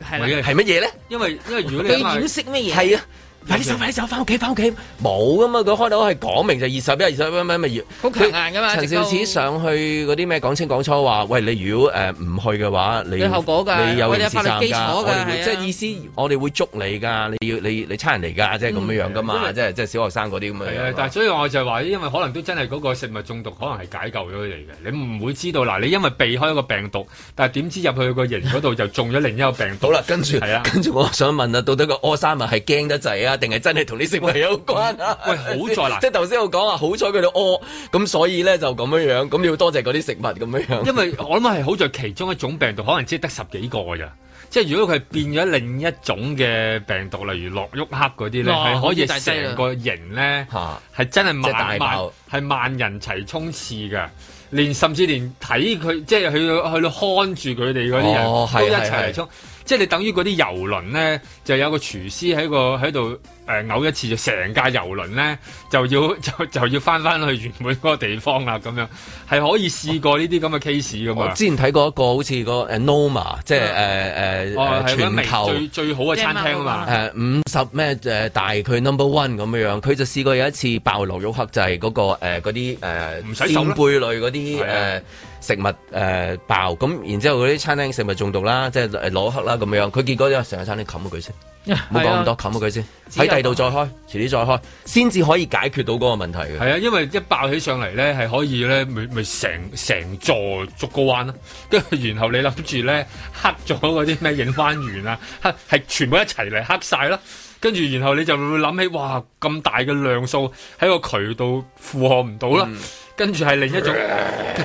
係係乜嘢咧？因為因為如果你掩飾咩嘢？係啊。嗱，你走，你走，翻屋企，翻屋企，冇噶嘛？佢開頭係講明就二十一、二十一咩咪要好硬噶嘛？陳少此上去嗰啲咩講清講楚話，喂，你如果唔、呃、去嘅話你，你後果噶，你有陣時爭我哋會即係、啊、意思，我哋會捉你㗎，你要你你差人嚟㗎，即係咁樣樣、嗯、噶嘛，啊、即係即係小學生嗰啲咁樣。但所以我就係話，因為可能都真係嗰個食物中毒，可能係解救咗你嘅，你唔會知道嗱，你因為避開個病毒，但係點知入去個營嗰度就中咗另一個病毒。 好啦，跟住，係啊，跟住我想問啊，到底個柯生物係驚得滯啊？定係真係同啲食物有關啊？ 喂，好在啦， 即係頭先我講啊，好彩佢哋屙，咁所以咧就咁樣樣，咁你要多謝嗰啲食物咁樣樣。因為我諗係好在其中一種病毒，可能只係得十幾個咋，即係如果佢變咗另一種嘅病毒，例如諾沃克嗰啲咧，係、哦、可以成個型咧，係、啊、真係萬大萬係萬人齊衝刺嘅，連甚至連睇佢，即係去去到看住佢哋嗰啲人、哦、都一齊嚟衝。即係你等於嗰啲遊輪咧，就有個廚師喺個喺度誒嘔一次，就成架遊輪咧就要就就要返返去原本嗰個地方啦咁樣，係可以試過呢啲咁嘅 case 㗎嘛。之前睇過一個好似、嗰個誒 Noma 即係誒誒全球美最最好嘅餐廳啊嘛。誒五十咩誒大概 number one 咁樣，佢就試過有一次爆流肉黑、嗰個，就係嗰個嗰啲誒珍貝類嗰啲誒。食物、呃、爆咁，然之後嗰啲餐廳食物中毒啦，即係攞黑啦咁樣。佢結果就成個餐廳冚咗佢先，唔好講咁多，冚咗佢先，喺第二度再開，遲啲再開，先至可以解決到嗰個問題嘅。係啊，因為一爆起上嚟咧，係可以咧，咪咪成成座逐個彎咯。跟住然後你諗住咧，黑咗嗰啲咩影翻完啊，黑係全部一齊嚟黑晒咯。跟住，然後你就會諗起，哇，咁大嘅量數喺個渠道負荷唔到啦。跟住係另一種，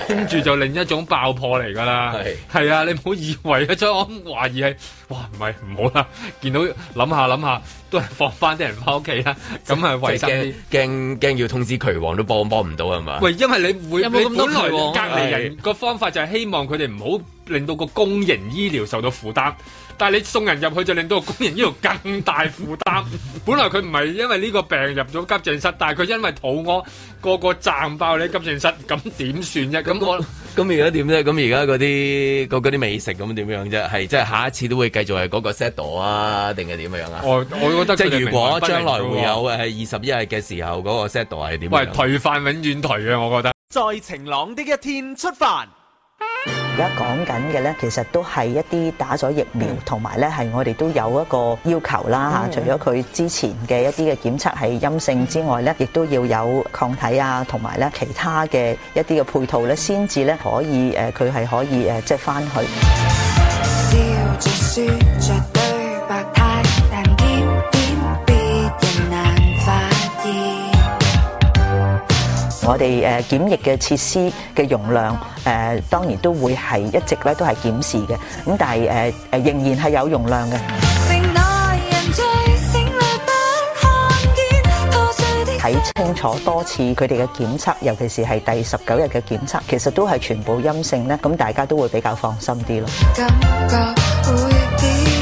跟、呃、住就另一種爆破嚟噶啦。係係啊，你唔好以為啊，將我懷疑係哇，唔係唔好啦。見到諗下諗下，都係放翻啲人翻屋企啦。咁係為驚驚驚要通知渠王都幫幫唔到係嘛？喂，因為你會，有咁多隔離人個方法就係希望佢哋唔好令到個公營醫療受到負擔。但係你送人入去就令到工人呢度更大負擔。本來佢唔係因為呢個病入咗急症室，但係佢因為肚屙個個站爆喺急症室，咁點算啫？咁我咁而家點啫？咁而家嗰啲嗰嗰啲美食咁點樣啫？係即係下一次都會繼續係嗰個 set do 啊？定係點樣啊？我我覺得即係如果將來會有誒二十一日嘅時候嗰個 set do 係點？喂，頹飯永遠頹啊！我覺得在晴朗的一天出發。而家講緊嘅咧，其實都係一啲打咗疫苗，同埋咧係我哋都有一個要求啦吓、嗯、除咗佢之前嘅一啲嘅檢測係陰性之外咧，亦都要有抗體啊，同埋咧其他嘅一啲嘅配套咧，先至咧可以誒，佢係可以誒即係翻去。我哋誒檢疫嘅設施嘅容量誒，當然都會係一直咧都係檢視嘅。咁但係誒誒，仍然係有容量嘅。睇清楚多次佢哋嘅檢測，尤其是係第十九日嘅檢測，其實都係全部陰性咧。咁大家都會比較放心啲咯。感覺會點？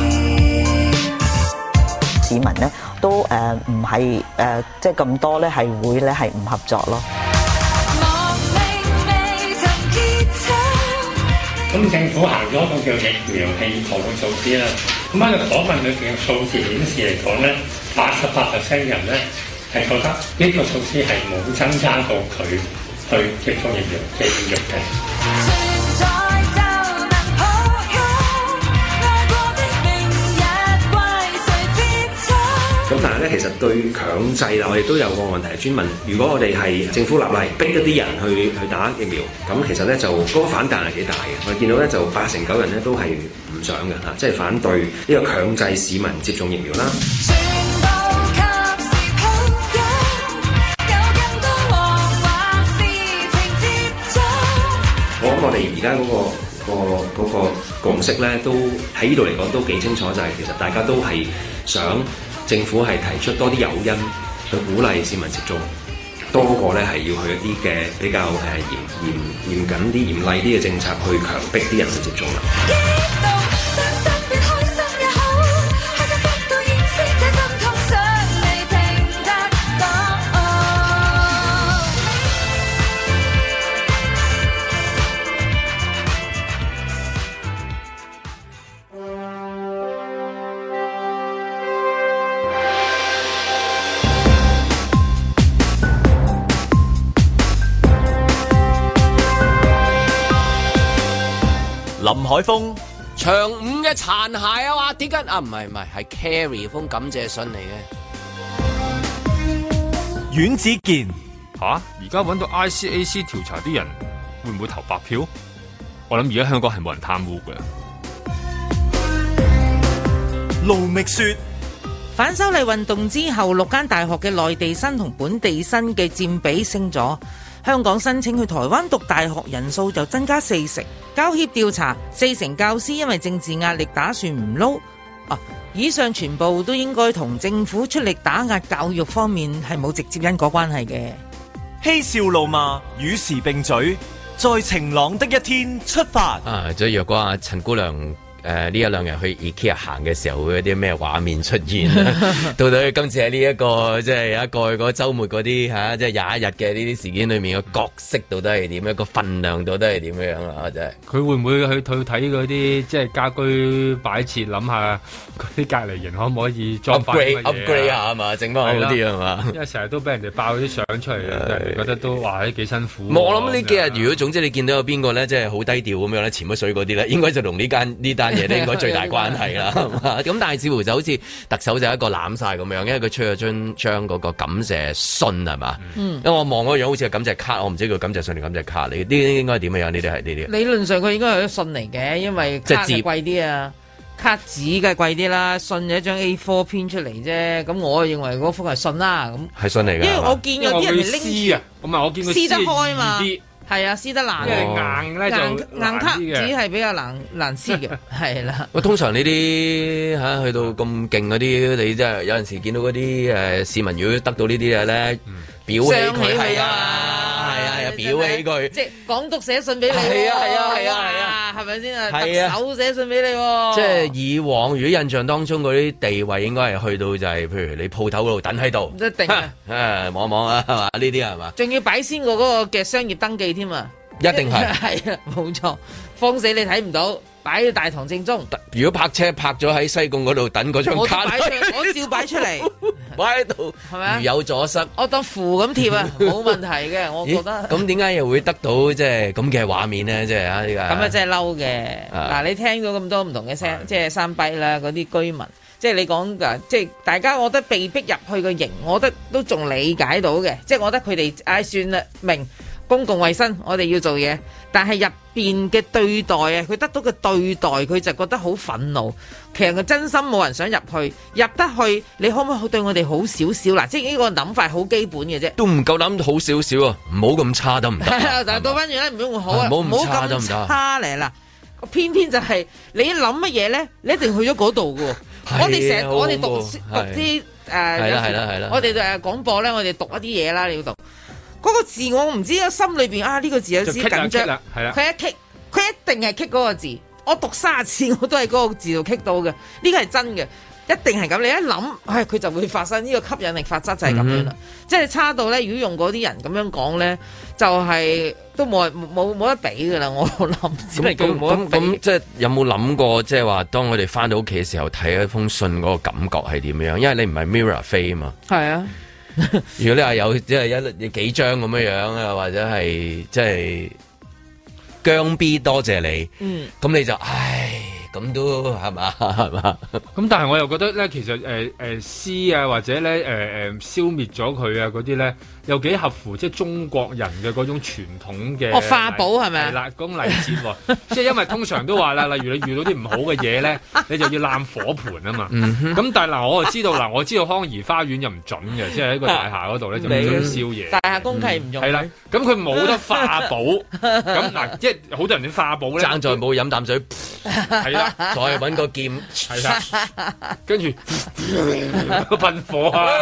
市民咧都誒唔係誒，即係咁多咧，係會咧係唔合作咯。咁政府行咗一個叫疫苗氣泡嘅措施啦，咁喺個訪問裏面嘅數字顯示嚟講呢，八十八 percent 人呢係覺得呢個措施係冇增加到佢去接種疫苗嘅意欲嘅。其實對強制啦，我亦都有個問題專問。如果我哋係政府立例逼一啲人去去打疫苗，咁其實咧就嗰、嗰個反彈係幾大嘅。我哋見到咧就八成九人咧都係唔想㗎吓、啊，即係反對呢個強制市民接種疫苗啦。我諗我哋而家嗰個、嗰個嗰、嗰個共識咧，都喺呢度嚟講都幾清楚，就係、係、其實大家都係想。政府係提出多啲誘因去鼓勵市民接種，多過咧係要去一啲嘅比較誒嚴嚴嚴謹啲、嚴厲啲嘅政策去強迫啲人去接種啦。林海峰，長五嘅殘骸啊！話點解？啊，唔係唔係，係 Carrie 封感謝信嚟嘅。阮子健，吓、啊，而家揾到 ICAC 調查啲人會唔會投白票？我諗而家香港係冇人貪污嘅。盧覓雪，反修例運動之後，六間大學嘅內地生同本地生嘅佔比升咗。香港申請去台灣讀大學人數就增加四成。教協調查，四成教師因為政治壓力打算唔撈。啊，以上全部都應該同政府出力打壓教育方面係冇直接因果關係嘅。嬉笑怒罵，與時並嘴，在晴朗的一天出發。啊，即若果阿陳姑娘。誒、呃，呢一兩日去 IKEA 行嘅時候，會有啲咩畫面出現咧？ 到底今次喺呢一個即係一個嗰周末嗰啲吓，即係廿一日嘅呢啲事件裏面嘅、嗯、角色，到底係點？一個份量，到底係點樣啊？真係佢會唔會去睇嗰啲即係家居擺設，諗下嗰啲隔籬型可唔可以 upgrade upgrade 下嘛？整翻好啲啊嘛？因為成日都俾人哋爆啲相出嚟，覺得都話都幾辛苦。我諗呢幾日，如果總之你見到有邊個咧，即係好低調咁樣咧，潛咗水嗰啲咧，應該就同呢間呢單。嘢咧應該最大關係啦，咁 但係似乎就好似特首就一個攬曬咁樣，因為佢出咗張張嗰個感謝信係嘛？因為、嗯、我望嗰樣好似係感謝卡，我唔知佢感謝信定感謝卡嚟。呢啲應該點嘅樣？呢啲係呢啲？理論上佢應該係個信嚟嘅，因為即字貴啲啊、就是，卡紙梗係貴啲啦，信一張 A4 印出嚟啫。咁我認為嗰幅係信啦、啊，咁係信嚟嘅。因為我見有啲人拎啊，咁我，我見撕得開嘛。係啊，撕得難，喔、硬咧硬硬卡，只係比較難 難撕嘅，係啦、嗯。喂通常呢啲吓去到咁勁啲，你即係有陣時見到啲誒、呃、市民，如果得到呢啲嘢咧，表起佢係、嗯、啊，係啊，啊啊啊啊啊啊表起佢，即、就、係、是、港督寫信俾你、哦，係啊，係啊，係啊，係啊。 係咪先啊？特首寫信俾你喎。即係以往，如果印象當中嗰啲地位，應該係去到就係、是，譬如你鋪頭嗰度等喺度。一定啊！啊，望一望啊，係嘛？呢啲係嘛？仲要擺先我嗰個嘅商業登記添啊！一定係。係啊，冇錯，放死你睇唔到。擺喺大堂正中。如果泊車泊咗喺西貢嗰度等嗰張卡，我照擺出嚟，擺喺度。係咪？如有阻塞，我當扶咁貼啊，冇問題嘅，我覺得。咁點解又會得到即係咁嘅畫面咧？即係啊，咁啊真係嬲嘅。嗱，你聽過咁多唔同嘅聲，即係山逼啦，嗰啲居民，即係你講噶，即係大家，我覺得被逼入去個營，我覺得都仲理解到嘅，即係我覺得佢哋唉，算啦，明。公共衛生，我哋要做嘢，但係入邊嘅對待啊，佢得到嘅對待，佢就覺得好憤怒。其實佢真心冇人想入去，入得去，你可唔可以對我哋好少少？嗱，即係呢個諗法好基本嘅啫。都唔夠諗好少少啊！唔好咁差得唔得？但係倒翻轉咧，唔好唔好啊！唔好咁差嚟啦！偏偏就係你諗乜嘢咧？你一定去咗嗰度噶。我哋成日我哋讀讀啲誒，係啦係啦。我哋誒廣播咧，我哋讀一啲嘢啦，你要讀。嗰個字我唔知，心裏邊啊呢個字有少啲緊張，佢一棘，佢一定係棘嗰個字。我讀三次我都喺嗰個字度棘到嘅，呢個係真嘅，一定係咁。你一諗，唉，佢就會發生呢個吸引力法則就係咁樣啦、嗯。即係差到咧，如果用嗰啲人咁樣講咧，就係都冇冇冇得比嘅啦。我諗只咁。咁即係有冇諗過即係話，當我哋翻到屋企嘅時候睇一封信嗰個感覺係點樣？因為你唔係 Mirror 飛啊嘛。係啊。 如果你話有即係一幾張咁樣樣啊，或者係即係姜 B 多謝你，咁、嗯、你就唉。咁都係嘛係嘛？咁、嗯、但係我又覺得咧，其實燒呀，呃、啊，或者咧、呃、消滅咗佢啊嗰啲咧，又幾合乎即係中國人嘅嗰種傳統嘅、哦。化寶係咪啊？係啦，咁例子即係因為通常都話啦，例如你遇到啲唔好嘅嘢咧， 你就要攬火盆啊嘛。咁、嗯、但係嗱，我就知道嗱，我知道康怡花園又唔準嘅，即係喺個大廈嗰度咧就唔可以燒嘢。 大廈公契唔用、嗯。係啦，咁佢冇得化寶。咁 嗱，即係好多人啲化寶咧？爭在冇飲啖水。 再搵個劍，係啦，跟住噴火啊！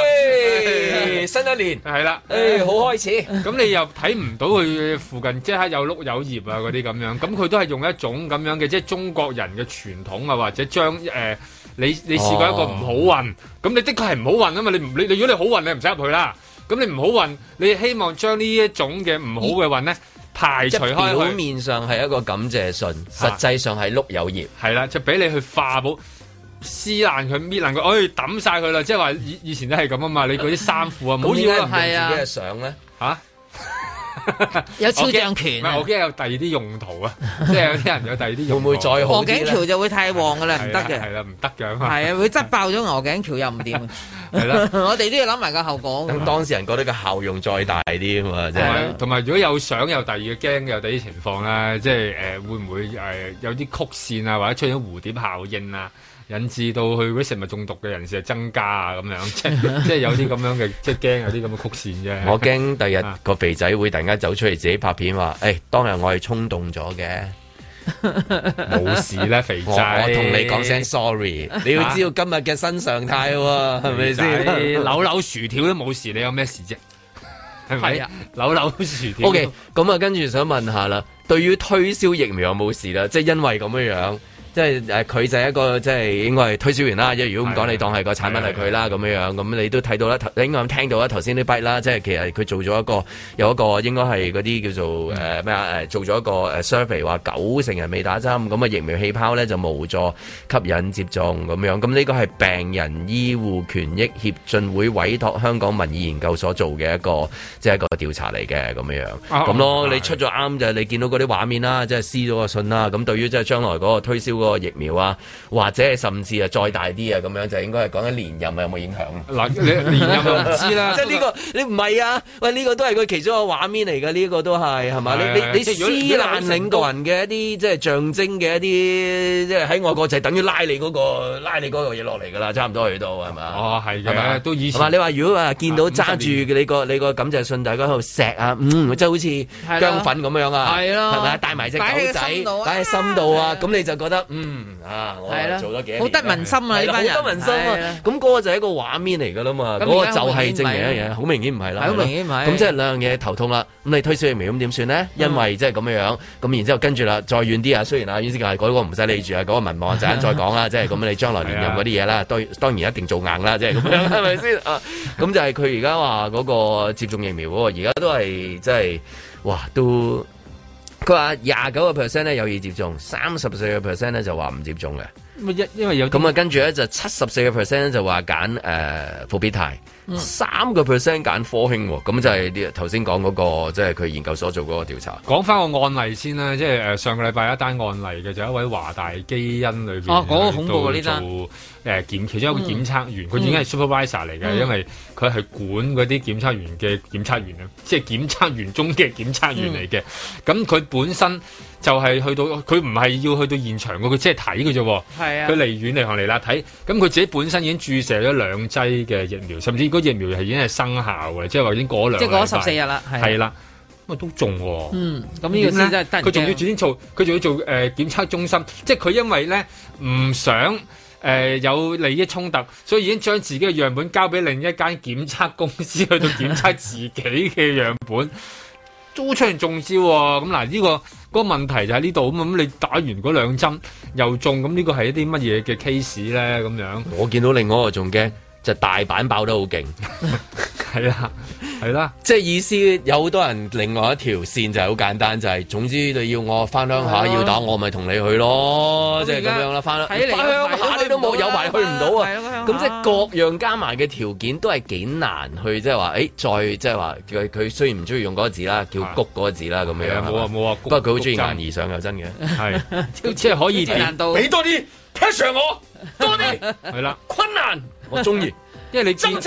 新一年係啦，誒，好開始。咁你又睇唔到佢附近即刻有碌柚葉啊，嗰啲咁樣。咁佢都係用一種咁樣嘅，即係中國人嘅傳統啊，或者將誒，你你試過一個唔好運，咁你的確係唔好運啊嘛。你你如果你好運，你唔使入去啦。咁你唔好運，你希望將呢一種嘅唔好嘅運咧。排除開，表面上係一個感謝信，啊、實際上係碌柚葉。係啦，就俾你去化寶撕爛佢，搣爛佢，哎抌晒佢啦！即係話以以前都係咁啊嘛，你嗰啲衫褲啊冇要啊， 自己嘅相咧嚇。啊 有肖像權唔係我驚有第二啲用途啊！ 即係有啲人有第二啲，用途，會唔會再好啲？鵝頸橋就會太旺㗎啦，唔得嘅，係啦，唔得嘅嘛，係啊，會擠爆咗鵝頸橋又唔掂。係 啦是、啊， 我哋都要諗埋個後果。咁當事人覺得個效用再大啲啊嘛， 即係同埋，如果有想有第二嘅驚嘅有第二啲情況啦， 即係、呃、會唔會、呃、有啲曲線啊，或者出現蝴蝶效應啊？引致到佢食物中毒嘅人士係增加啊，咁樣即係有啲咁樣嘅，即係驚有啲咁嘅曲線啫。我驚第日個肥仔會突然間走出嚟自己拍片話：，誒、 欸，當日我係衝動咗嘅，冇 事咧，肥仔。我同你講聲 sorry，你要知道今日嘅新常態喎，啊，係咪先？扭扭薯條都冇事，你有咩事啫？係 咪啊？扭扭薯條。O K，咁啊，跟住想問下啦，對於推銷疫苗有冇事啦？即係因為咁樣。即係誒佢就係一個，即係應該係推銷員啦。即係如果咁講，你當係個產品係佢啦咁樣樣，咁你都睇到啦，應該聽到啦頭先啲 bite 啦。即係其實佢做咗一個有一個應該係啲叫做誒咩啊誒做咗一個誒 survey 話九成人未打針，咁啊疫苗氣泡咧就無助吸引接種咁樣咁，呢個係病人醫護權益協進會委託香港民意研究所做嘅一個即係一個調查嚟嘅咁樣、哦、樣咁咯、哦，你出咗啱就係你見到啲畫面啦，即係撕咗個信啦。咁對於即係將來個推銷。個疫苗啊，或者係甚至啊，再大啲啊，咁樣就應該係講緊連任啊，有冇影響？嗱，你連任 我唔知啦。即係、這、呢個 你唔係啊？喂，呢個都係佢其中一個畫面嚟嘅，呢、這個都係係嘛？你你你撕爛領導人嘅一啲即係象徵嘅一啲，即係喺外國就係等於拉你嗰、那個拉你嗰個嘢落嚟㗎啦，差唔多去到係嘛？哦，係咪？都以前。你話如果啊見到揸住你個你個感謝信，大家喺度錫啊，嗯，即係好似姜粉咁樣啊，係咯，係咪帶埋隻狗仔擺喺深度啊？咁、啊啊、你就覺得。嗯啊，我做得幾好得民心啊呢班人，好得民心咁、啊嗰個就係一個畫面嚟噶啦嘛，嗰、嗰個就係正嘅一樣，好明顯唔係啦，好明顯唔係。咁即係兩樣嘢頭痛啦。咁你推銷疫苗咁點算咧？因為即係咁樣樣。咁然之後跟住啦，再遠啲啊。雖然啊，尹志剛係嗰個唔使理住啊，嗰個民望、嗯、就是、再講啦。即係咁你將來連任嗰啲嘢啦，當 當然一定做硬啦，即係咁樣，係咪先啊？咁就係佢而家話嗰個接種疫苗，而家都係即係哇都。佢話廿九個 percent 咧有意接種，三十四個 percent 咧就話唔接種嘅。咁啊，因為有咁啊，跟住咧就七十四個 percent 咧就話揀誒復必泰。三個 percent 揀科興喎，咁就係啲頭先講嗰個，即係佢研究所做嗰個調查。講翻個案例先啦，即係上個禮拜一單案例嘅，就係、一位華大基因裏面到，啊，嗰個恐怖呢度做、欸、其中一個檢測員，佢已經係 supervisor 嚟嘅、嗯，因為佢係管嗰啲檢測員嘅檢測員啊，即、就、係、係、檢測員中嘅檢測員嚟嘅。咁佢本身。就係、是、去到佢唔係要去到現場㗎。佢即係睇嘅啫喎。係啊，佢離遠離行嚟啦睇。咁佢自己本身已經注射咗兩劑嘅疫苗，甚至嗰疫苗係已經係生效嘅，即係話已經過咗兩。即、就、係、是、過咗十四日啦。係啦、啊，咁啊都中喎。咁呢個先真係佢仲要最先做，佢仲要做誒檢測中心，即係佢因為咧唔想、呃、有利益衝突，所以已經將自己嘅樣本交俾另一間檢測公司去到檢測自己嘅樣本。 都出完中招喎，咁嗱呢個嗰、嗰個問題就喺呢度咁，咁你打完嗰兩針又中，咁呢個係一啲乜嘢嘅 case 咧？咁樣我見到另外一個仲驚。就是，大阪爆得好勁，係啦，係啦，即、就、係、是、意思是有好多人，另外一條線就係好簡單，就係總之你要我翻鄉下，要打我咪同你去咯，即係咁樣啦，翻翻鄉下都去，啊、你都冇，有排去唔到啊，咁即係各樣加埋嘅條件都係幾難去，即係話誒，再即係話佢佢雖然唔中意用嗰個字啦，叫谷嗰個字啦，咁樣冇啊冇啊，不過佢好中意迎難而上又真嘅，係即係可以俾俾多啲 pressure 我，多啲係 啦困難。 我中意，因為你見唔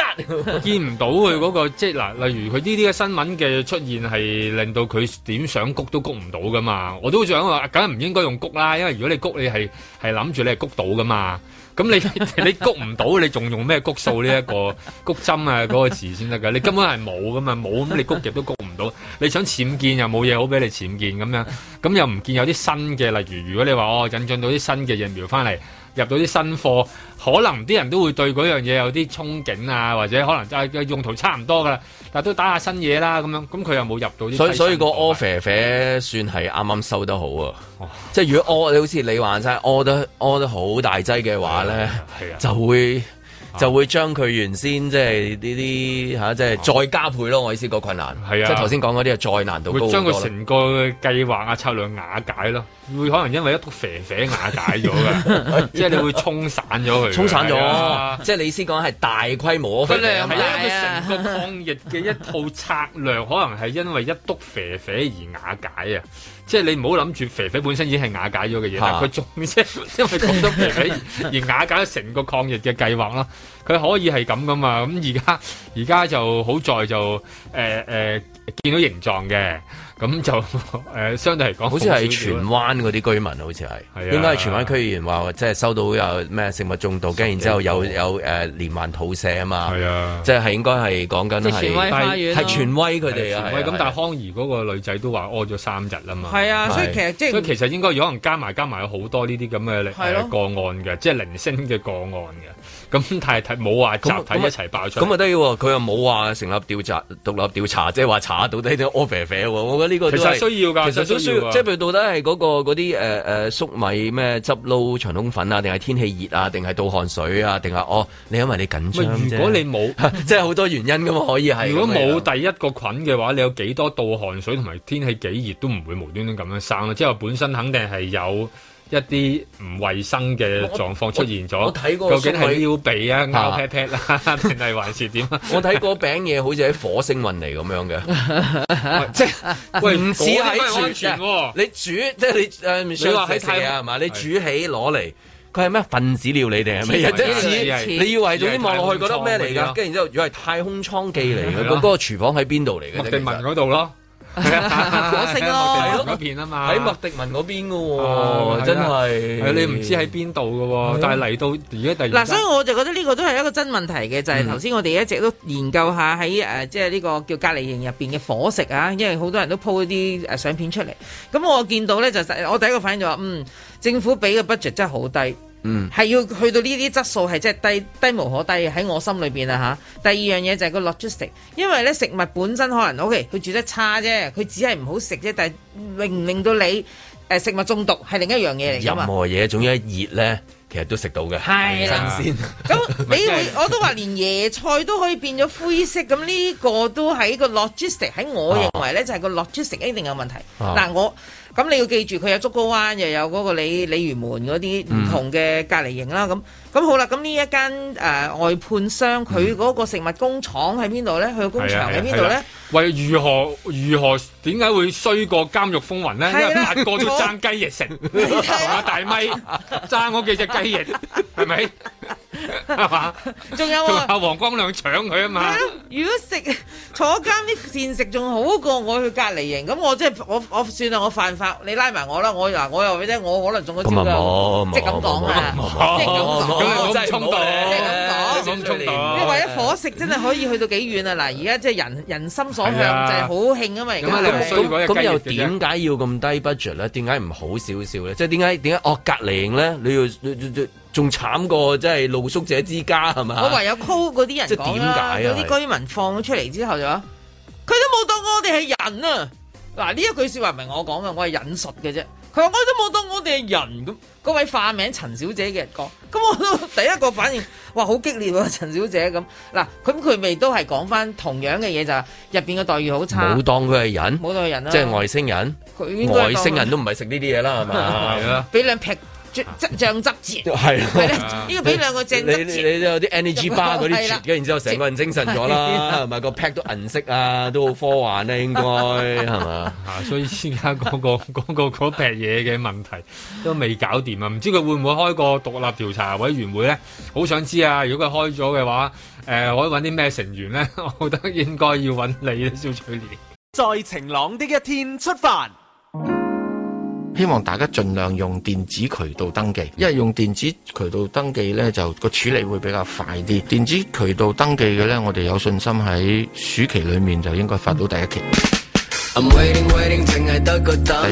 到佢，那，嗰個，即係嗱，例如佢呢啲嘅新聞嘅出現係令到佢點想谷都谷唔到噶嘛。我都想話，梗係唔應該用谷啦，因為如果你谷，你你谷你，你係係諗住你係谷到噶嘛。咁你你谷唔到，你仲用咩谷數呢一個谷針啊嗰個詞先得㗎？你根本係冇噶嘛，冇咁你谷極都谷唔到。你想僭建又冇嘢好俾你僭建咁樣，咁又唔見有啲新嘅，例如如果你話我引進到啲新嘅疫苗翻嚟。入到啲新貨，可能啲人都會對嗰樣嘢有啲憧憬啊，或者可能就係用途差唔多噶啦，但都打下新嘢啦咁樣，咁佢又冇入到啲。所以所以個 offer 費，嗯、算係啱啱收得好啊，即係如果屙你好似你話齋屙得屙得好大劑嘅話咧，就會。就會將佢原先即係呢啲嚇，即、就、係、是啊就是、再加倍咯。我意思個困難，即係頭先講嗰啲啊，再難度高，會將佢成個計劃啊策略瓦解咯，會可能因為一篤肥肥瓦解咗噶， 即係你會沖散咗佢。沖散咗，啊，即係你意思講係大規模了，佢係啊成個抗疫嘅一套策略， 可能係因為一篤肥肥而瓦解啊。即係你唔好諗住肥肥本身已經係瓦解咗嘅嘢，但佢仲即係因為講咗肥肥而瓦解咗成個抗疫嘅計劃啦。佢可以係咁噶嘛？咁而家而家就好在就誒誒、呃呃、見到形狀嘅，咁就誒、呃、相對嚟講好似係荃灣嗰啲居民好似係、啊，應該係荃灣區議員話即係收到有咩食物中毒，跟住然之後有有誒、呃、連環肚瀉啊嘛，即係、啊就是、應該係講緊係荃威佢哋啊。咁、啊啊啊啊啊、但係康怡嗰個女仔都話屙咗三日啦嘛。係啊，所以其實即係，所以其實應該有可能加埋加埋有好多呢啲咁嘅呃個案嘅，即係零星嘅個案嘅。咁 但係睇冇話集體一齊爆出，咁啊得要佢又冇話成立調查、獨立調查，即係話查到底啲屙啡喎，我覺得呢個都其實需要噶，其實都需要。即係譬如到底係嗰、嗰個嗰啲誒誒粟米咩汁撈長通粉啊，定係天氣熱啊，定係倒汗水啊，定係哦你因為你緊張。如果你冇，即係好多原因噶、啊、嘛，可以係。如果冇第一個菌嘅話，你有幾多倒汗水同埋天氣幾熱都唔會無端端咁樣生咯。即係話本身肯定係有。一啲唔衞生嘅狀況出現咗，我睇過究竟係要俾啊牛劈劈啦，定係、啊啊、還是點？ 我睇過餅嘢好似喺火星運嚟咁樣嘅 即係喂唔似喺船。你煮即係你水、嗯、你話喺太四四啊嘛？你煮起攞嚟，佢係咩分子料理你哋係咪？你以為總之望落去覺得咩嚟㗎？跟住然之後，如果係太空艙寄嚟嘅，嗰、那個啊那個廚房喺邊度嚟嘅？麥地文嗰度咯。係啊，火食邊啊嘛，喺麥迪文嗰邊噶喎、哦啊，真係、啊，你唔知喺邊度噶喎，但係嚟到而家第二。嗱，所以我就覺得呢個都係一個真問題嘅，就係頭先我哋一直都研究下喺誒，即係呢個叫隔離營入邊嘅伙食啊，因為好多人都鋪咗啲誒相片出嚟，咁我見到咧就，我第一個反應就話，嗯，政府俾嘅 budget 真係好低。嗯，係要去到呢啲質素係即係低低無可低喺我心裏邊啊吓。第二樣嘢就係個 logistic，因為咧食物本身可能 OK，佢煮得差啫，佢只係唔好食啫，但係令唔令到你、呃、食物中毒係另一樣嘢嚟嘅嘛。任何嘢，總之一熱咧，其實都食到嘅。係啊，新鮮，咁 你會我都話連椰菜都可以變咗灰色，咁呢個都係個 logistic 喺我認為咧、啊、就係、是、個 logistic 一定有問題。嗱、啊、我。咁你要記住，佢有竹篙灣，又有嗰個鯉鯉魚門嗰啲唔同嘅隔離營啦。咁、嗯、咁好啦，咁呢一間誒、呃、外判商，佢、嗯、嗰個食物工廠喺邊度咧？佢工場喺邊度咧？喂，如何如何點解會衰過《監獄風雲》呢咧、啊？因為個個都爭雞翼食，同阿大咪爭我幾隻雞翼，係 咪？仲有仲有黃光亮搶佢啊嘛！如果坐食坐監啲膳食仲好過我去隔離營，咁我即、就、係、是、我我算啦，我犯。你拉埋我啦，我又我又啫，我可能仲好、即係即係、衝動，即係咁講嚇，即係咁講，真係衝動。即係咁講，因為伙食真係可以去到幾遠啊！嗱、嗯，而家即係人、嗯、人心所向、嗯、就係好興啊嘛，咁又點解要咁低 budget 咧？點解唔好少少咧？即係點解點解惡隔籬咧？你要仲慘仲慘過即係露宿者之家係咪？我唯有 call 嗰啲人講啦、啊，嗰啲、啊、居民放咗出嚟之後就，佢都冇當我哋係人啊！嗱，呢一句話說話唔係我講嘅，我係引述嘅啫。佢話我都冇當我哋係人咁，嗰位化名陳小姐嘅人講，咁我都第一個反應，哇好激烈喎、啊，陳小姐咁。嗱，咁佢咪都係講翻同樣嘅嘢就係入邊嘅待遇好差，冇當佢係人，冇當佢人啦、啊，即係外星人，外星人都唔係食呢啲嘢啦係啊，俾兩劈。 執像執字，係呢、呢個俾兩個正字，你你都有啲 energy bar 嗰啲，跟然之後成個人精神咗啦，同埋個 pack 都銀色啊，都好科幻咧， 應該係嘛？吓 是吧、 啊，所以而家嗰個嗰、 嗰個嗰撇嘢嘅問題都未搞掂啊，唔知佢會唔會開個獨立調查委員會咧？好想知啊！如果佢開咗嘅話，誒、呃，可以搵啲咩成員咧？ 我覺得應該要搵你，小翠蓮。在晴朗的一天出發。希望大家盡量用電子渠道登記，因為用電子渠道登記呢，就個處理會比較快啲。電子渠道登記嘅呢，我哋有信心喺暑期裏面就應該發到第一期。I'm waiting, waiting, like，第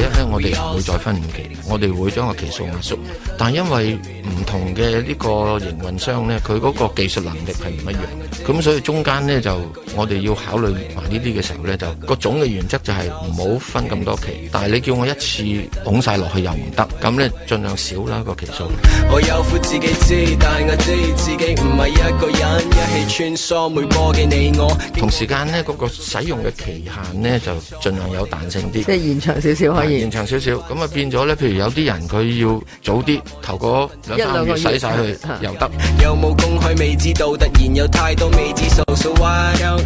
一呢，我哋唔會再分期，我哋會將個期數壓縮，但係因為唔同嘅呢個營運商咧，佢嗰個技術能力係唔一樣，咁所以中間咧就我哋要考慮埋呢啲嘅時候咧，就個總嘅原則就係唔好分咁多期，但係你叫我一次拱晒落去又唔得，咁咧盡量少啦個期數。我有苦自己知，但係我知自己唔係一個人，一起穿梭每波嘅你我。同時間咧，嗰、嗰個使用嘅期限咧就。儘量有彈性啲，即係延長少少可以。嗯、延長少少咁啊，噉咪變咗咧。譬如有啲人佢要早啲頭過兩一兩個月洗晒去又得。有冇工去未知道？突然有太多未知數、嗯。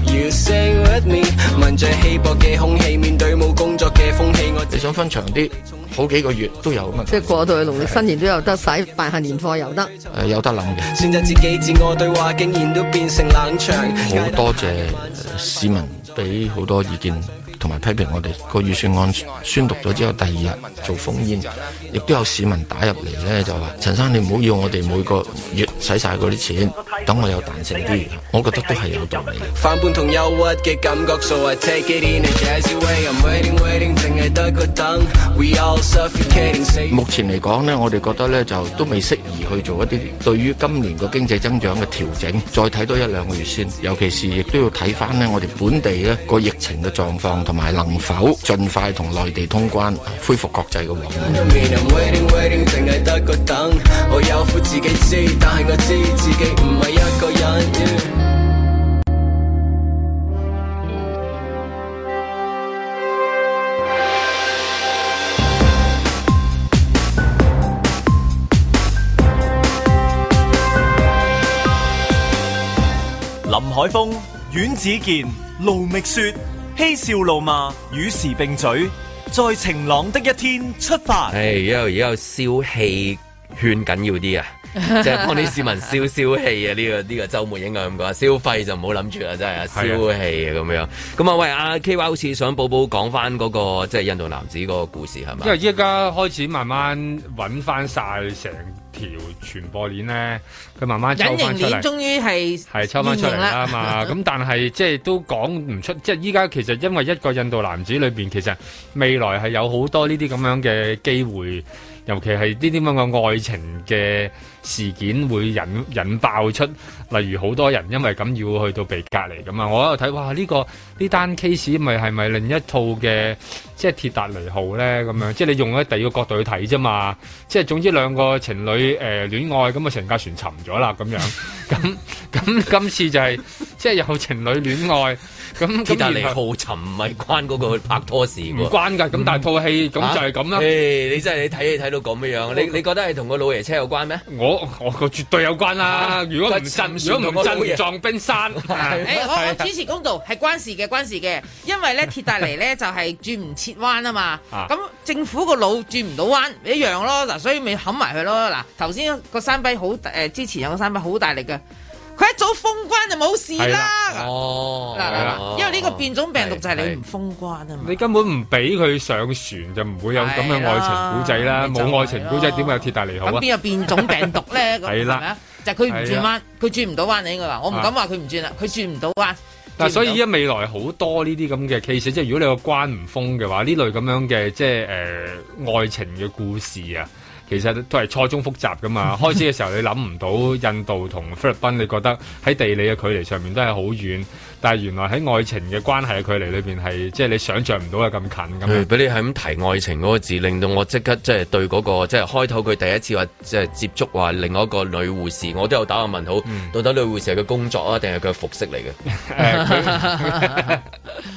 你想分長啲，好幾個月都有啊嘛。即係過到去農曆新年都有得使，辦下年貨又得、嗯。有得諗嘅、嗯。好多謝市民俾好多意見。同埋批評我哋個預算案宣讀咗之後第二日做封煙，亦都有市民打入嚟咧，就話，陳生，你唔好要我哋每個月使晒嗰啲錢，等我有彈性啲。我覺得都係有道理。反叛同憂鬱嘅感覺，目前嚟講咧，我哋覺得咧就都未適宜去做一啲對於今年個經濟增長嘅調整，再睇多一兩個月先，尤其是亦都要睇翻咧我哋本地咧個疫情嘅狀況同。同埋能否盡快同內地通關，恢復國際嘅往來。林海峰、阮子健、盧覓雪。嬉笑怒罵與時並嘴，在晴朗的一天出發。誒、哎，而家而家有消氣勸緊要啲啊，即係幫啲市民消消氣啊！呢、這個呢、這個周末應該咁講，消費就唔好諗住啦，真係消氣啊咁樣。咁啊，喂，阿 K Y 好似想寶寶講翻嗰個即係、就是、印度男子嗰個故事係咪？因為依家開始慢慢揾翻晒成條傳播鏈咧，佢慢慢隱形鏈終於係係抽翻出嚟啦嘛。咁 但係即係都講唔出，即係依家其實因為一個印度男子裏邊，其實未來係有好多呢啲咁樣嘅機會，尤其係呢啲咁樣嘅愛情嘅。事件會引引爆出，例如好多人因為咁要去到被隔離咁啊！我喺度睇，哇！呢個呢單 case 咪係咪另一套嘅，即係鐵達尼號咧咁樣，即係你用喺第二個角度去睇啫嘛！即係總之兩個情侶誒戀愛咁啊，成架船沉咗啦咁樣，咁咁今次就係即係有情侶戀愛，咁鐵達尼號沉唔係關嗰個拍拖事？唔關㗎，咁但係套戲咁就係咁啦。你真係你睇睇到咁樣，你你覺得係同個老爺車有關咩？我我個絕對有關啦、啊！如果唔震、啊就係，如果唔震撞冰山。誒、啊啊 哎，我主持公道係關事嘅，關事嘅。因為咧鐵達尼咧就係轉唔切彎啊嘛。咁、啊嗯、政府個腦轉唔到彎，一樣咯嗱，所以咪冚埋佢咯嗱。頭先個山壁好、呃、之前有個山壁好大力嘅。佢一早封關就冇事啦、哦，因為呢個變種病毒就係你唔封關啊嘛，你根本唔俾佢上船就唔會有咁嘅愛情古仔啦，冇愛情古仔點有鐵達尼號啊？邊有變種病毒咧？係 啦，就係佢唔轉彎，佢轉唔到彎你應該話，我唔敢話佢唔轉啦，佢轉唔到彎。嗱，所以而家未來好多呢啲咁嘅 case、嗯、即係如果你個關唔封嘅話，呢類咁樣嘅即係誒、呃、愛情嘅故事啊。其實都係錯綜複雜㗎嘛，開始嘅時候，你諗唔到印度同菲律賓，你覺得喺地理嘅距離上面都係好遠。但係原來喺愛情嘅關係嘅距離裏邊係，即係你想象唔到係咁近咁。俾你係咁提愛情嗰個字，令到我即刻即係對嗰個即係開頭佢第一次話即係接觸話另外一個女護士，我都有打個問號、嗯，到底女護士係佢工作啊，定係佢服飾嚟嘅？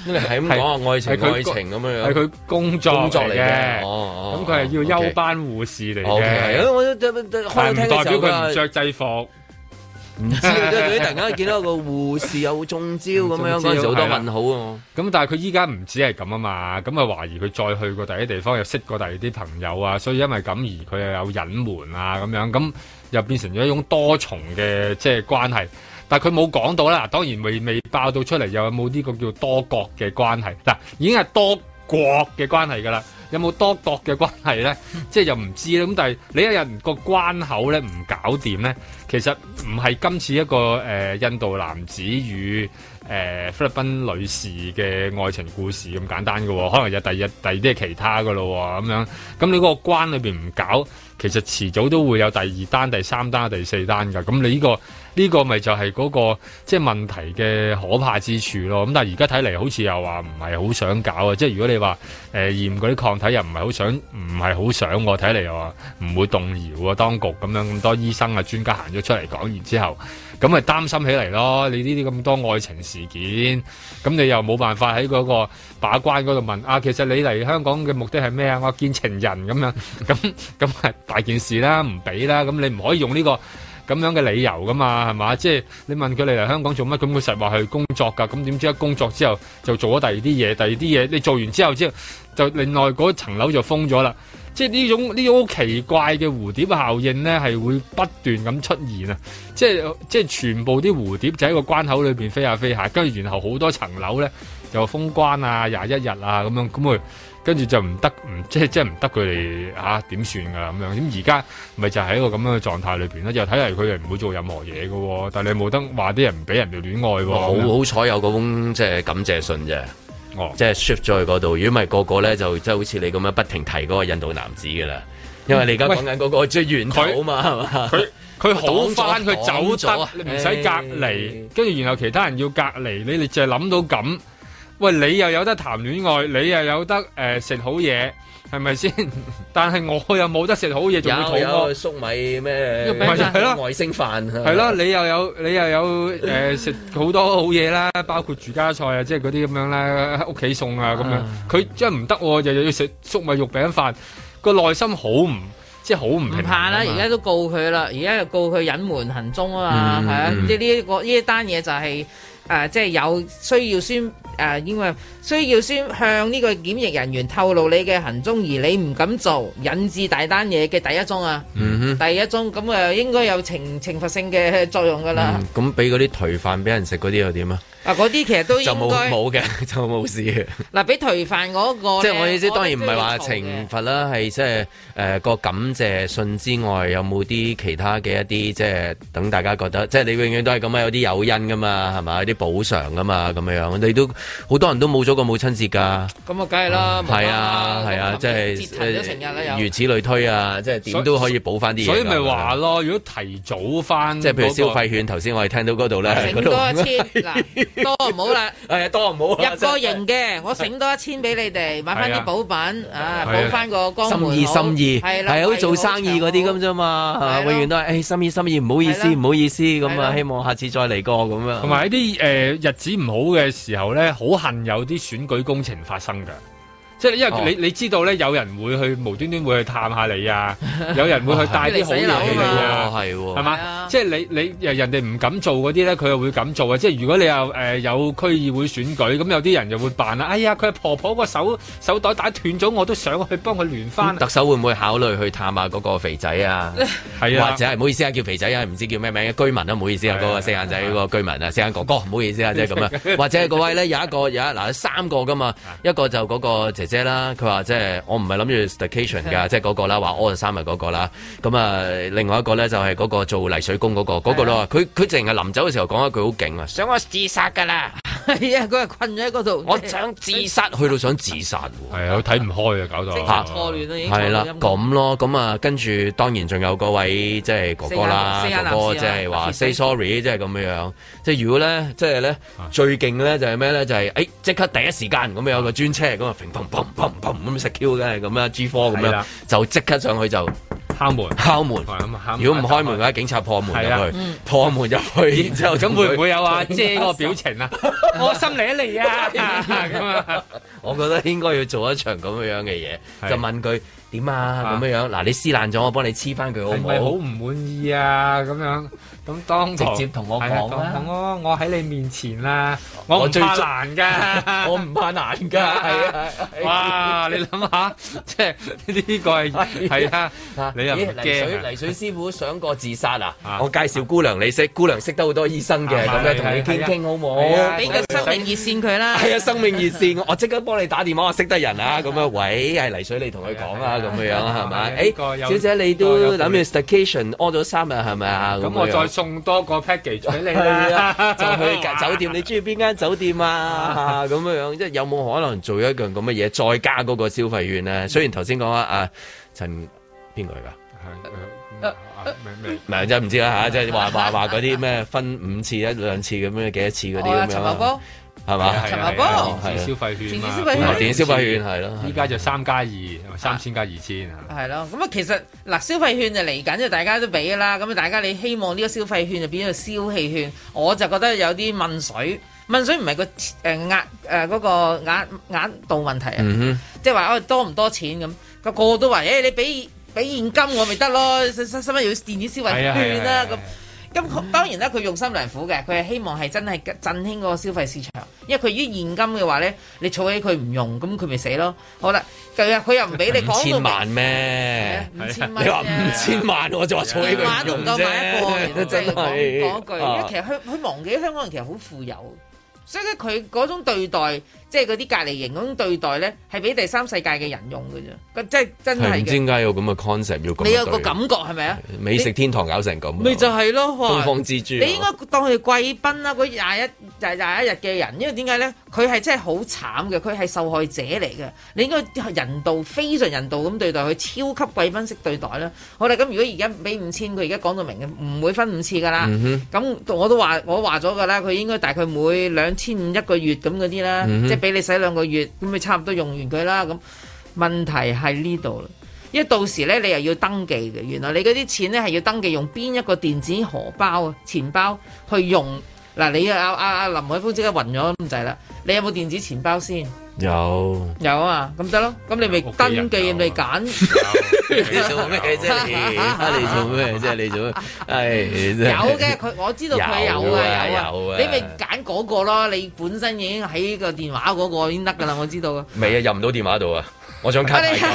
你因係咁講啊，愛情愛情咁樣樣，係佢工作工作嚟嘅，咁佢係要休班護士嚟嘅，係、啊 okay 啊 okay 啊、唔代表佢唔着制服。啊啊唔知 突然間見到個護士又中招咁樣，嗰時好多問號喎。咁、啊、但係佢依家唔止係咁啊嘛，咁啊懷疑佢再去過第二啲地方，又識過第二啲朋友啊，所以因為咁而佢又有隱瞞啊咁樣，咁又變成咗一種多重嘅即係關係。但係佢冇講到啦，嗱，當然未未爆到出嚟，又有冇呢個叫多國嘅關係？嗱、啊，已經係多國嘅關係噶啦。有冇多國嘅關係呢？即係又唔知咧。咁但係你一日個關口咧唔搞掂呢？其實唔係今次一個誒、呃、印度男子與誒菲律賓女士嘅愛情故事咁簡單嘅喎，可能有第二、第二啲係其他嘅咯喎，咁樣咁你嗰個關裏邊唔搞，其實遲早都會有第二單、第三單、第四單嘅。咁你呢、呢個。呢、這個咪就係嗰、那個即係問題嘅可怕之處咯。咁但係而家睇嚟好似又話唔係好想搞啊。即係如果你話誒驗嗰啲抗體又唔係好想，唔係好想喎。睇嚟又話唔會動搖啊，當局咁樣咁多醫生啊、專家行咗出嚟講完之後，咁咪擔心起嚟咯。你呢啲咁多愛情事件，咁你又冇辦法喺嗰個把關嗰度問啊？其實你嚟香港嘅目的係咩啊？我見情人咁樣，咁咁係大件事啦，唔俾啦。咁你唔可以用呢、這個。咁樣嘅理由噶嘛，係嘛？即係你問佢你嚟香港做乜，咁佢實話去工作噶。咁點知一工作之後就做咗第二啲嘢，第二啲嘢你做完之後，之後就另外嗰層樓就封咗啦。即係呢種呢種好奇怪嘅蝴蝶效應呢，係會不斷咁出現啊！即係即係全部啲蝴蝶就喺個關口裏面飛下、啊、飛下、啊，跟住然後好多層樓呢，就封關啊，廿一日啊咁樣咁啊～跟住就唔得，唔即係即係唔得佢哋啊點算噶咁樣？咁而家咪就喺一個咁樣嘅狀態裏面，咧，又睇嚟佢哋唔會做任何嘢嘅喎。但你冇得話啲人唔俾人哋戀愛喎。好好彩有嗰封即係感謝信啫，哦、即係 shift 咗去嗰度。如果唔係個個咧就即係好似你咁樣不停提嗰個印度男子㗎啦。因為你而家講緊嗰個最遠佢啊嘛，佢佢好翻佢走咗，你唔使隔離。跟、哎、住然，然後其他人要隔離，你哋淨係諗到咁。喂，你又有得談戀愛，你又有得誒食、呃、好嘢，係咪先？ 但係我又冇得食好嘢，仲要肚餓，粟米咩？唔係外星飯。係咯，你又有你又有誒食好多好嘢啦，包括住家菜，家菜啊，即係嗰啲咁樣啦，屋企餸啊咁樣。佢、啊、真係唔得，又 又要食粟米肉餅飯，個內心好唔即係好唔平。唔怕啦，而家都告佢啦，而家又告佢隱瞞行蹤啊嘛，係、嗯、啊，嗯、即呢一呢一單嘢就係、是。誒、呃，即係有需要先誒，因、呃、為需要先向呢個檢疫人員透露你嘅行蹤，而你唔敢做引致大單嘢嘅第一宗啊，嗯哼，第一宗咁啊，應該有懲懲罰性嘅作用噶啦。咁俾嗰啲頹飯俾人食嗰啲又點啊？嗰啲其實都就冇冇嘅，就冇事。嗱，俾頹犯嗰個，即係我意思，當然唔係話懲罰啦、嗯，係即係誒個感謝信之外，有冇啲其他嘅一啲即係等大家覺得，即係你永遠都係咁樣，有啲有因噶嘛，係咪？有啲補償噶嘛，咁樣你都好多人都冇咗個母親節噶。咁、嗯、啊，梗係啦。係啊，係啊，即係即係，如此類推啊，即係點都可以補翻啲。所以咪話咯，如果提早翻、那個，即係譬如消費券頭先我哋聽到嗰度咧，嗱。 多唔好啦，係 多唔好，入個型嘅， 我醒多一千俾你哋，買翻啲補品，啊補翻個江心意心意，係、啊、啦，係好似做生意嗰啲咁啫嘛，永遠都係，哎心意心意，唔好意思唔好意思，咁啊希望下次再嚟過咁啊，同埋喺啲誒日子唔好嘅時候咧，好恨有啲選舉工程發生嘅。即係因為你、哦、你知道咧，有人會去無端端會去探下你啊，有人會去帶啲好嘢俾你啊，係喎，係嘛？即係你你人哋唔敢做嗰啲咧，佢又會噉做啊！即係如果你又誒、呃、有區議會選舉，咁有啲人就會扮啦。哎呀，佢婆婆個手手袋打斷咗，我都想去幫佢聯返、嗯。特首會唔會考慮去探下嗰個肥仔啊？係啊，或者唔好意思啊，叫肥仔啊，唔知叫咩名？居民啊，唔好意思啊，嗰、啊嗰個四眼仔、啊嗰個居民啊，四眼哥哥，唔好意思啊，即係咁啊，或者各位咧有一個有一嗱、呃、三個噶嘛，一個就嗰、嗰個姐啦，佢話即係我唔係諗住 staycation 㗎，即係嗰個啦，話屙三日嗰個啦。咁啊，另外一個咧就係嗰個做泥水工嗰、那個，嗰、那個咧佢佢淨係臨走嘅時候講一句好勁啊，想我自殺㗎啦。係啊，佢係困咗喺嗰度。我想自殺， 去到想自殺。係 啊，佢睇唔開啊，搞到嚇錯亂啦，已經係啦，咁咯。咁啊，跟住當然仲有嗰位即係、就是、哥哥啦，哥哥即係話 say sorry，即係咁樣樣。即、就、係、是、如果咧，即係咧最勁咧就係咩咧？就係誒即刻第一時間咁有個專車咁啊，嗯咁食 Q 梗係咁樣，G four 咁樣，G4，樣就即刻上去就敲門敲門，敲門，如果唔開門嘅話，警察破門入去，破門入去、嗯、去，然之後咁 會唔會有阿姐嗰個表情啊？ 我心來一嚟啊！咁啊，樣 我覺得應該要做一場咁樣樣嘅嘢，就問佢點啊？咁樣樣嗱，你撕爛咗，我幫你黐翻佢好唔好？好唔滿意啊？咁樣。咁當直接同我講、啊啊、我喺你面前啦，我唔怕難噶， 我唔怕難噶，係 啊，啊，啊！哇，你諗下，即係呢個係係啊，啊！你又泥水 泥水師傅想過自殺啊？啊我介紹姑娘你識、啊，姑娘識得好多醫生嘅，咁、啊、樣同、啊、你傾傾、啊啊、好唔好？俾個、啊、生命熱線佢啦！係啊，生命熱線， 我即刻幫你打電話，我識得人啊。咁 樣，喂，係泥水你同佢講啊，咁嘅樣係咪？誒，小姐你都諗住 station 屙咗三日係咪啊？咁我再。送多個 package 俾你去 啊，就去酒店。你中意邊間酒店啊？咁、啊、樣，即係有冇可能做一件樣咁嘅嘢，再加嗰個消費券咧、啊？雖然頭先講啊，啊陳。邊個嚟噶？唔、啊、明，唔、啊、明、啊，真係唔知啦嚇！即係話話話嗰啲咩分五次、一兩次咁樣、啊、幾多次嗰啲咁樣波，係、啊、嘛？陳伯波，電子、啊啊消,啊消,啊啊、消費券，電子消費券，電子消費券係咯。依家就三加二，三千加二千啊！係咯。咁啊，啊其實嗱，消費券就嚟緊，就大家都俾啦。咁啊，大家你希望呢個消費券就變咗消氣券，我就覺得有啲問水。問水唔係個誒額誒嗰個額額度問題啊，即係話哦多唔多錢咁個個都話誒你俾。俾現金我咪得咯，使乜要電子消費券啦咁？咁、啊啊啊啊啊啊啊啊、當然啦，佢用心良苦嘅，佢係希望係真係振興嗰個消費市場。因為佢於現金嘅話咧，你儲起佢唔用，咁佢咪死咯？好啦，佢又佢又唔俾你講到萬咩？五千蚊、啊、你話五千萬我就話儲起佢唔都唔夠買一部，都即係講句。因為其實香佢忘記香港人其實好富有，所以咧佢嗰種對待。即係嗰啲隔離營嗰種對待咧，係俾第三世界嘅人用嘅啫。個即係真係，唔知點解有咁嘅 concept 要咁對待。你有個感覺係咪啊？美食天堂搞成咁、啊，咪就係咯。東方之珠、啊，你應該當佢貴賓啦。嗰廿一廿廿一日嘅人，因為點解咧？佢係真係好慘嘅，佢係受害者嚟嘅。你應該人道非常人道咁對待佢，超級貴賓式對待啦。好啦，咁如果而家俾五千，佢而家講到明嘅，唔會分五次㗎啦。咁、嗯、我都話我話咗㗎啦，佢應該大概每兩千五一個月咁嗰啲啦。嗯俾你使兩個月，咁咪差唔多用完佢啦。咁問題係呢度，因為到時呢，你又要登記嘅，原來你嗰啲錢呢，係要登記用邊一個電子荷包啊錢包去用嗱、啊。你阿阿阿林海峰即刻暈咗，咁就係啦。你有冇電子錢包先？有有啊，咁得咯，咁你咪登記咪揀、啊？你做咩啫、啊啊？你做咩啫、啊啊？你做咩、啊？係、 啊 啊 啊、 有嘅、啊，佢我知道佢有，有，有啊，有啊，你咪揀嗰個咯、啊。你本身已經喺個電話嗰個已經得噶啦。我知道。未啊，入唔到電話度 啊，我張卡大咗。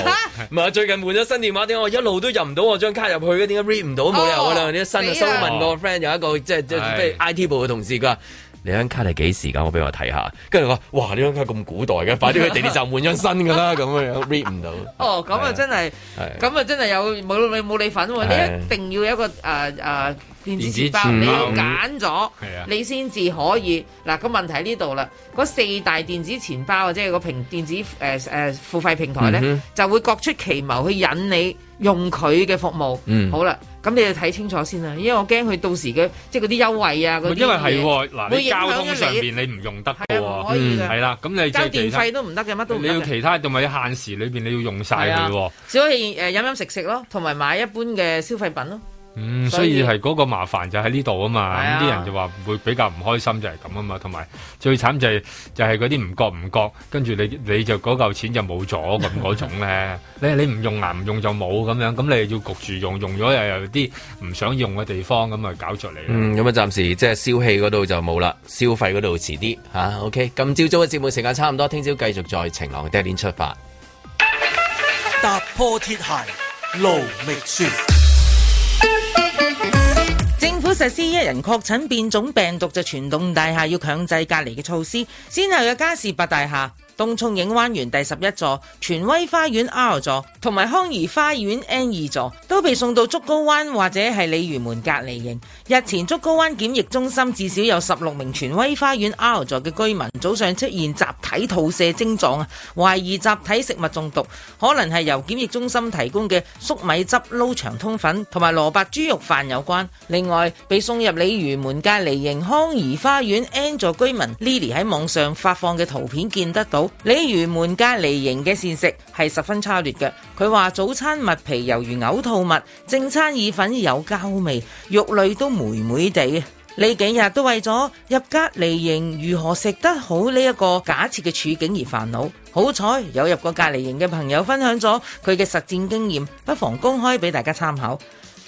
唔係最近換咗新電話，點解我一路都入唔到我張卡入去嘅？點解 read 唔到冇理由噶啦？啲、哦、新你啊，收問個 friend、哦、有一個即係、就、即、是、係 I T 部嘅同事噶。你張卡係幾時間我俾我睇下，跟住我，哇！你張卡咁古代嘅， 快啲去地鐵站換張新噶啦！咁 樣 read 唔到。哦，咁啊就真係，咁啊真係有冇你冇你份喎？你一定要有一個誒誒、呃呃、電子錢包、啊，你要揀咗、嗯，你先至可以。嗱個、啊、問題呢度啦，嗰四大電子錢包或即係個平電子誒誒、呃、付費平台咧、嗯，就會各出奇謀去引你用佢嘅服務。嗯，好啦。咁你要睇清楚先啦，因為我驚佢到時嘅即係嗰啲優惠啊嗰啲嘢會影響你。交通上面你唔用得嘅喎、啊，嗯，係啦、啊，咁你就要電費都唔得嘅，乜都唔得。你要其他，同埋限時裏面你要用晒佢喎。只可以誒、呃、飲飲食食咯，同埋買一般嘅消費品咯。嗯，所以係嗰個麻煩就喺呢度啊嘛，咁啲、啊、人就話會比較唔開心就係咁啊嘛，同埋最慘就係、是、就係嗰啲唔覺唔覺，跟住你你就嗰嚿錢就冇咗咁嗰種咧，你你唔用啊，唔用就冇咁樣，咁你又要焗住用，用咗又有啲唔想用嘅地方咁啊搞出嚟。嗯，咁啊暫時即係消氣嗰度就冇啦，消費嗰度遲啲吓。OK，咁朝早嘅節目時間差唔多，聽朝繼續在晴朗的一天出發。踏破鐵鞋路未絕。實施一人確診變種病毒，就成棟大廈要強制隔離嘅措施，先後有加士伯大廈。東涌影灣園第十一座，荃威花園 R 座同埋康怡花園 N 二座都被送到竹篙灣或者係鯉魚門隔離營。日前竹篙灣檢疫中心至少有十六名荃威花園 R 座嘅居民早上出現集體吐瀉症狀啊，懷疑集體食物中毒，可能係由檢疫中心提供嘅粟米汁撈長通粉同埋蘿蔔豬肉飯有關。另外，被送入鯉魚門隔離營康怡花園 N 座居民 Lily 喺網上發放嘅圖片見得到，鯉魚門隔離營嘅膳食係十分差劣嘅。佢話早餐麥皮猶如嘔吐物，正餐意粉有膠味，肉類都霉霉地。呢幾日都為咗入隔離營如何食得好呢一個假設嘅處境而煩惱。好彩有入過隔離營嘅朋友分享咗佢嘅實戰經驗，不妨公開俾大家參考。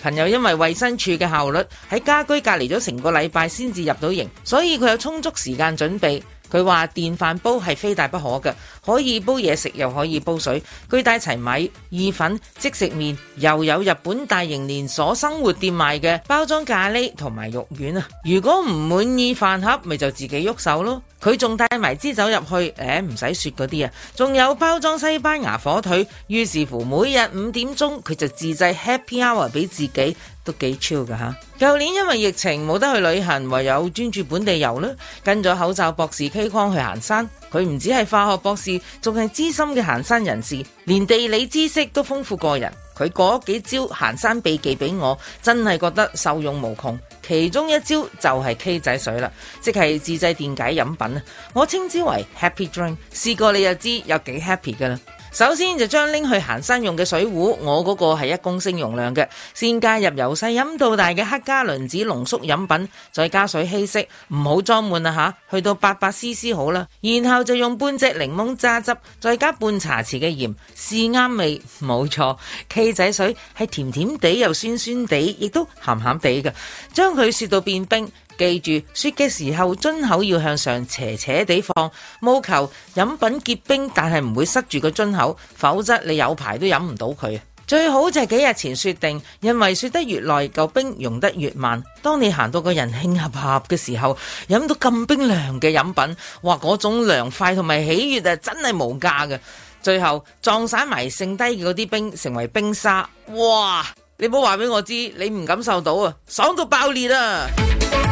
朋友因為衛生署嘅效率喺家居隔離咗成個禮拜先至入到營，所以佢有充足時間準備。佢話電飯煲係非大不可嘅。可以煲嘢食，又可以煲水。佢帶齊米、意粉、即食麵，又有日本大型連鎖生活店賣嘅包裝咖喱同埋肉丸啊！如果唔滿意飯盒，咪就自己喐手咯。佢仲帶埋支酒入去，誒唔使說嗰啲啊！仲有包裝西班牙火腿。於是乎，每日五點鐘，佢就自製 Happy Hour 俾自己，都幾超㗎吓。舊年因為疫情冇得去旅行，唯有專注本地遊啦。跟咗口罩博士 K 框去行山。佢唔止係化學博士，仲係資深嘅行山人士，連地理知識都豐富過人。佢嗰幾招行山秘技俾我，真係覺得受用無窮。其中一招就係 K 仔水啦，即係自製電解飲品，我稱之為 Happy Dream，試過你就知有幾 happy 噶啦。首先就將拎去行山用嘅水壺，我嗰個係一公升容量嘅，先加入由細飲到大嘅黑加侖子濃縮飲品，再加水稀釋，唔好裝滿啦吓，去到八百 cc 好啦。然後就用半隻檸檬榨汁，再加半茶匙嘅鹽，試啱味，冇錯，K 仔水係甜甜地又酸酸地，亦都鹹鹹地嘅，將佢雪到變冰。記住，雪嘅時候樽口要向上斜斜地放，務求飲品結冰，但係唔會塞住個樽口，否則你有排都飲唔到佢。最好就係幾日前雪定，因為雪得越耐，嚿冰溶得越慢。當你行到個人㷫烚烚嘅時候，飲到咁冰涼嘅飲品，哇！嗰種涼快同埋喜悅啊，真係無價㗎。最後撞散埋剩低嘅嗰啲冰，成為冰沙。哇！你冇話俾我知，你唔感受到啊，爽到爆裂啊！